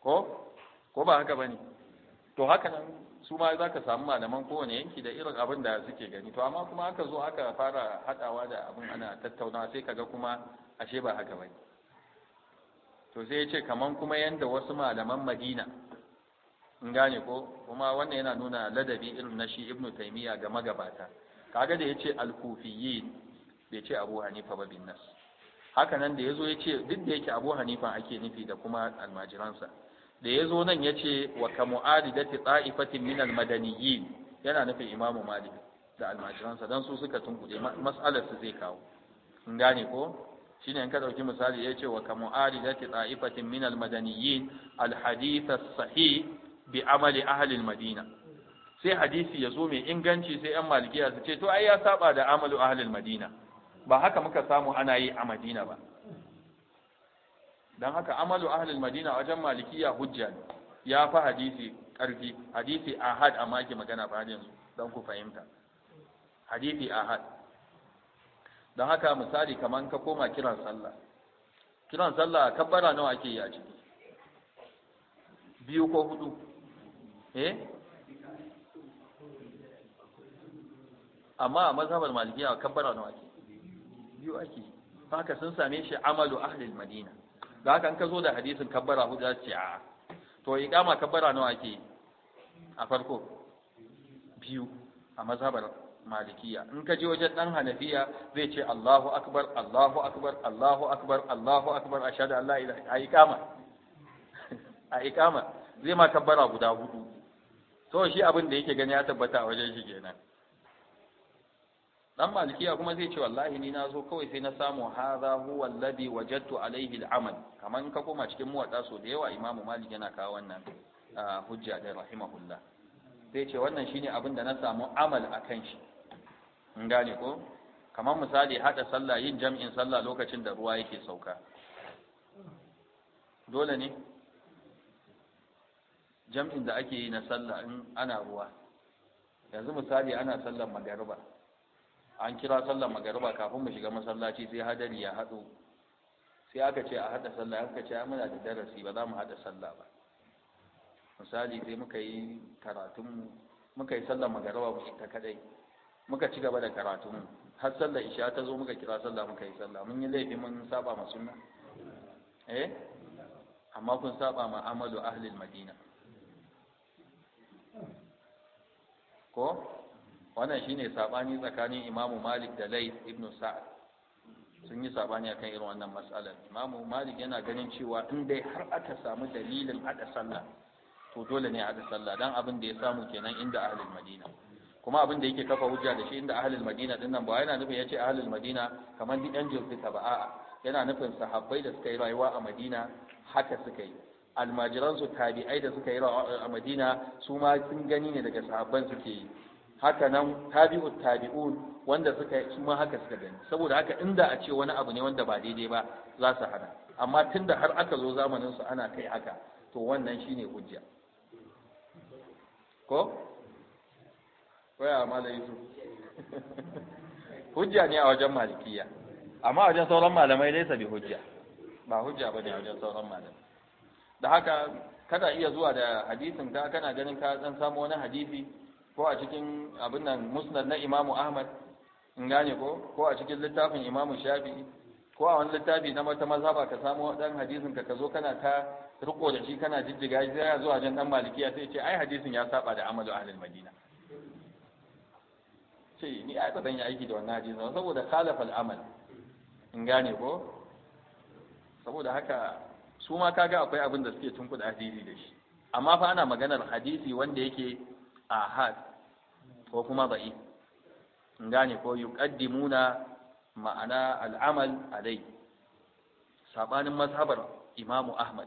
ko ko ba haka bane to haka nan su ma za ka samu malaman kowane yanki da irin abin da suke gani to amma kuma aka zo aka fara haɗawa da abin ana tattaunawa sai ga kuma ashe ba haka bane to sai ya ce kaman kuma yanda wasu malaman madina in gane ko kuma wannan yana nuna ladabi irin na shi ibnu taymiya ga magabata kaga da yace al-kufiyyin bai ce abu hanifa ba bin nas haka nan da ya zo ya ce duk da yake abu hanifa ake nufi da kuma almajiransa da ya zo nan ya ce wa ka mu'adidati ta'ifatin min al-madaniyyin yana nufin imamu malik da almajiransa dan su suka tunkuɗe mas'alar su zai kawo kun gane ko shine in ka dauki misali ya ce wa ka mu'adidati ta'ifatin min al-madaniyyin al-hadith as-sahih bi amali ahli al-madina sai hadisi ya zo mai inganci sai yan malikiya su ce to ai ya saba da amalu ahli al-madina ba haka muka samu ana yi a madina ba dan haka amalu ahalin madina wajen malikiya hujja ne ya fa hadisi karfi hadisi ahad amma ke magana ba don dan ku fahimta hadisi ahad dan haka misali kaman ka koma kiran sallah kiran sallah kabbara nawa ake yi a ciki biyu ko hudu eh amma a mazhabar malikiya kabbara nawa ake biyu ake haka sun same shi amalu ahalin madina da haka ka zo da hadisin kabbara hujja ce a to iqama kabbara nawa ake a farko biyu a mazhabar malikiya in ka je wajen dan hanafiya zai ce Allahu akbar Allahu akbar Allahu akbar Allahu akbar ashhadu an la ilaha a iqama a iqama zai ma kabbara guda hudu to shi abin da yake gani ya tabbata a wajen shi kenan dan malikiya kuma zai ce wallahi ni na zo kawai sai na samu hadha huwa alladhi wajadtu alayhi al-amal kaman ka koma cikin muwatta so da yawa imamu malik yana kawo wannan hujja da rahimahullah zai ce wannan shine abin da na samu amal akan shi in gane ko kamar misali hada sallah yin jam'in sallah lokacin da ruwa yake sauka dole ne jam'in da ake yi na sallah in ana ruwa yanzu misali ana sallar magariba an kira sallar magariba kafin mu shiga masallaci sai hadari ya haɗu sai aka ce a haɗa sallah aka ce muna da darasi ba za mu haɗa sallah ba misali sai muka yi karatunmu muka yi sallar magariba mu ta kadai muka ci gaba da karatunmu har sallar isha ta zo muka kira sallah muka yi sallah mun yi laifi mun saba ma sunna eh amma kun saba ma amalu ahlil madina ko wannan shine sabani tsakanin imamu malik da lais ibn sa'ad sun yi sabani akan irin wannan mas'alar imamu malik yana ganin cewa in dai har aka samu dalilin hada sallah to dole ne hada sallah dan abin da ya samu kenan inda ahlul madina kuma abin da yake kafa hujja da shi inda ahlul madina din nan ba yana nufin yace ahlul madina kamar duk yan jirgita ba a'a yana nufin sahabbai da suka yi rayuwa a madina haka suka yi almajiransu tabi'ai da suka yi a madina su ma sun gani ne daga sahabban suke yi haka nan tabi'ut tabi'un wanda suka su ma haka suka gani saboda haka inda a ce wani abu ne wanda ba daidai ba za su hana amma tunda har aka zo zamanin su ana kai haka to wannan shine hujja ko koya malai su hujja ne a wajen malikiya amma wajen sauran malamai dai bi hujja ba hujja ba ne wajen sauran malamai da haka kada iya zuwa da hadisin ka kana ganin ka dan samu wani hadisi ko a cikin abin nan musnad na imamu ahmad in gane ko ko a cikin littafin imamu shafi'i ko a wani littafi na wata mazhaba ka samu dan hadisin ka zo kana ka riko da shi kana jijjiga shi zo a jan dan malikiya sai ce ai hadisin ya saba da amalu ahlul madina ce ni ai ba dan yi aiki da wannan hadisin saboda khalafa al-amal in gane ko saboda haka su ma kaga akwai abin da suke tunkuda hadisi da shi amma fa ana maganar hadisi wanda yake ahad ko kuma ba'i in gane ko yuqaddimuna ma'ana al'amal alai sabanin mazhabar imamu ahmad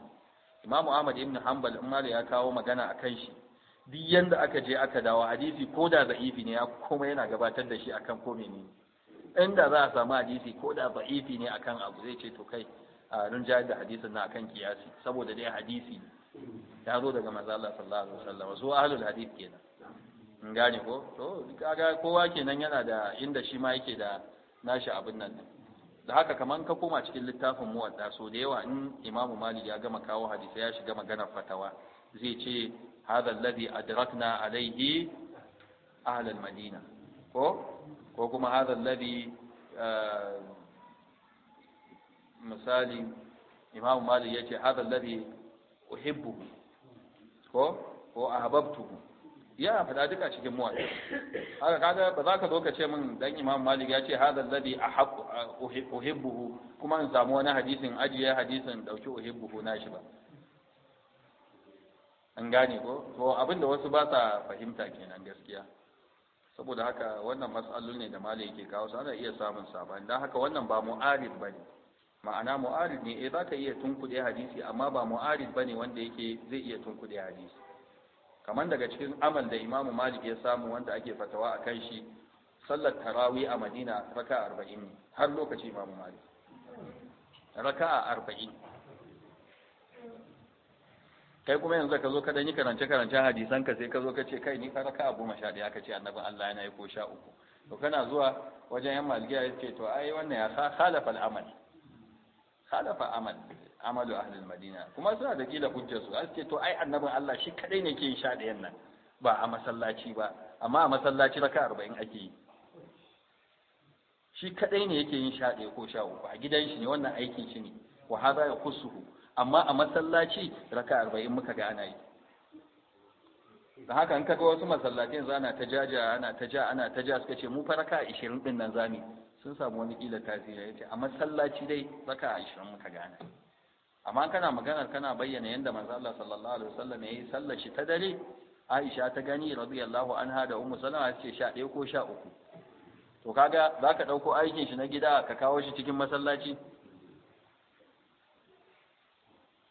imamu ahmad ibn hanbal in ya kawo magana akan shi duk yanda aka je aka dawo hadisi ko da za'ifi ne ya kuma yana gabatar da shi akan ko menene inda za a samu hadisi ko da za'ifi ne akan abu zai ce to kai a rinjayar da hadisin na akan kiyasi saboda dai hadisi ya zo daga manzo Allah sallallahu alaihi wasallam su ahlul hadith kenan in gane ko to kaga kowa kenan yana da inda shi ma yake da nashi abin nan da haka kaman ka koma cikin littafin muwadda so da yawa in Imam malik ya gama kawo hadisi ya shiga maganar fatawa zai ce hadha alladhi adrakna alayhi ahlal almadina ko ko kuma hadha alladhi eh, misali Imam malik yace hadha alladhi uhibbu ko ko ahbabtuhu ya faɗa duka cikin muwaɗa haka kaga ba za ka zo ka ce min dan imam malik ya ce hadha alladhi ahqqu uhibbuhu kuma in samu wani hadisin ajiye hadisin dauki uhibbuhu na shi ba an gane ko to abinda wasu ba sa fahimta kenan gaskiya saboda haka wannan mas'alul ne da malik yake kawo su ana iya samun sabani dan haka wannan ba mu'arid bane ma'ana mu'arid ne eh ka iya tunkuɗe hadisi amma ba mu'arid bane wanda yake zai iya tunkuɗe hadisi kamar daga cikin amal da imamu malik ya samu wanda ake fatawa a kan shi sallar tarawi a madina raka arba'in ne har lokaci imamu malik raka a arba'in kai kuma yanzu ka zo ka dan yi karance karance hadisan ka sai ka zo ka ce kai ni fara raka goma sha ɗaya ka ce annabi Allah yana yi ko sha uku to kana zuwa wajen yan malikiya ya ce to ai wannan ya khalafa al-amal khalafa amal amalu ahlul madina kuma suna da kila hujjar su an ce to ai annabin Allah shi kadai ne ke yin sha nan ba a masallaci ba amma a masallaci raka arba'in ake yi shi kadai ne yake yin sha ko sha uku a gidan shi ne wannan aikin shi ne wa hada ya kusuhu amma a masallaci raka arba'in muka ga ana yi da haka in kaga wasu masallacin yanzu ana ta jaja ana ta ja ana ta ja suka ce mu fa raka 20 din nan zamu sun samu wani kila tasiri ya ce a masallaci dai raka 20 muka ga ana yi amma kana maganar kana bayyana yanda manzo Allah sallallahu alaihi wasallam yayi sallar shi ta dare Aisha ta gani radiyallahu anha da Ummu Salama ce ɗaya ko uku to kaga zaka dauko aikin shi na gida ka kawo shi cikin masallaci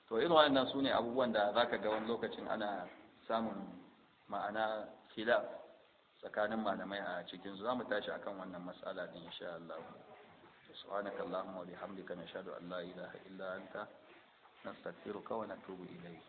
to irin wannan sune abubuwan da zaka ga wani lokacin ana samun ma'ana kila tsakanin malamai a cikin su zamu tashi akan wannan mas'ala din insha Allah subhanakallahumma wa bihamdika nashhadu an la ilaha illa anta nastaghfiruka wa natubu ilaik.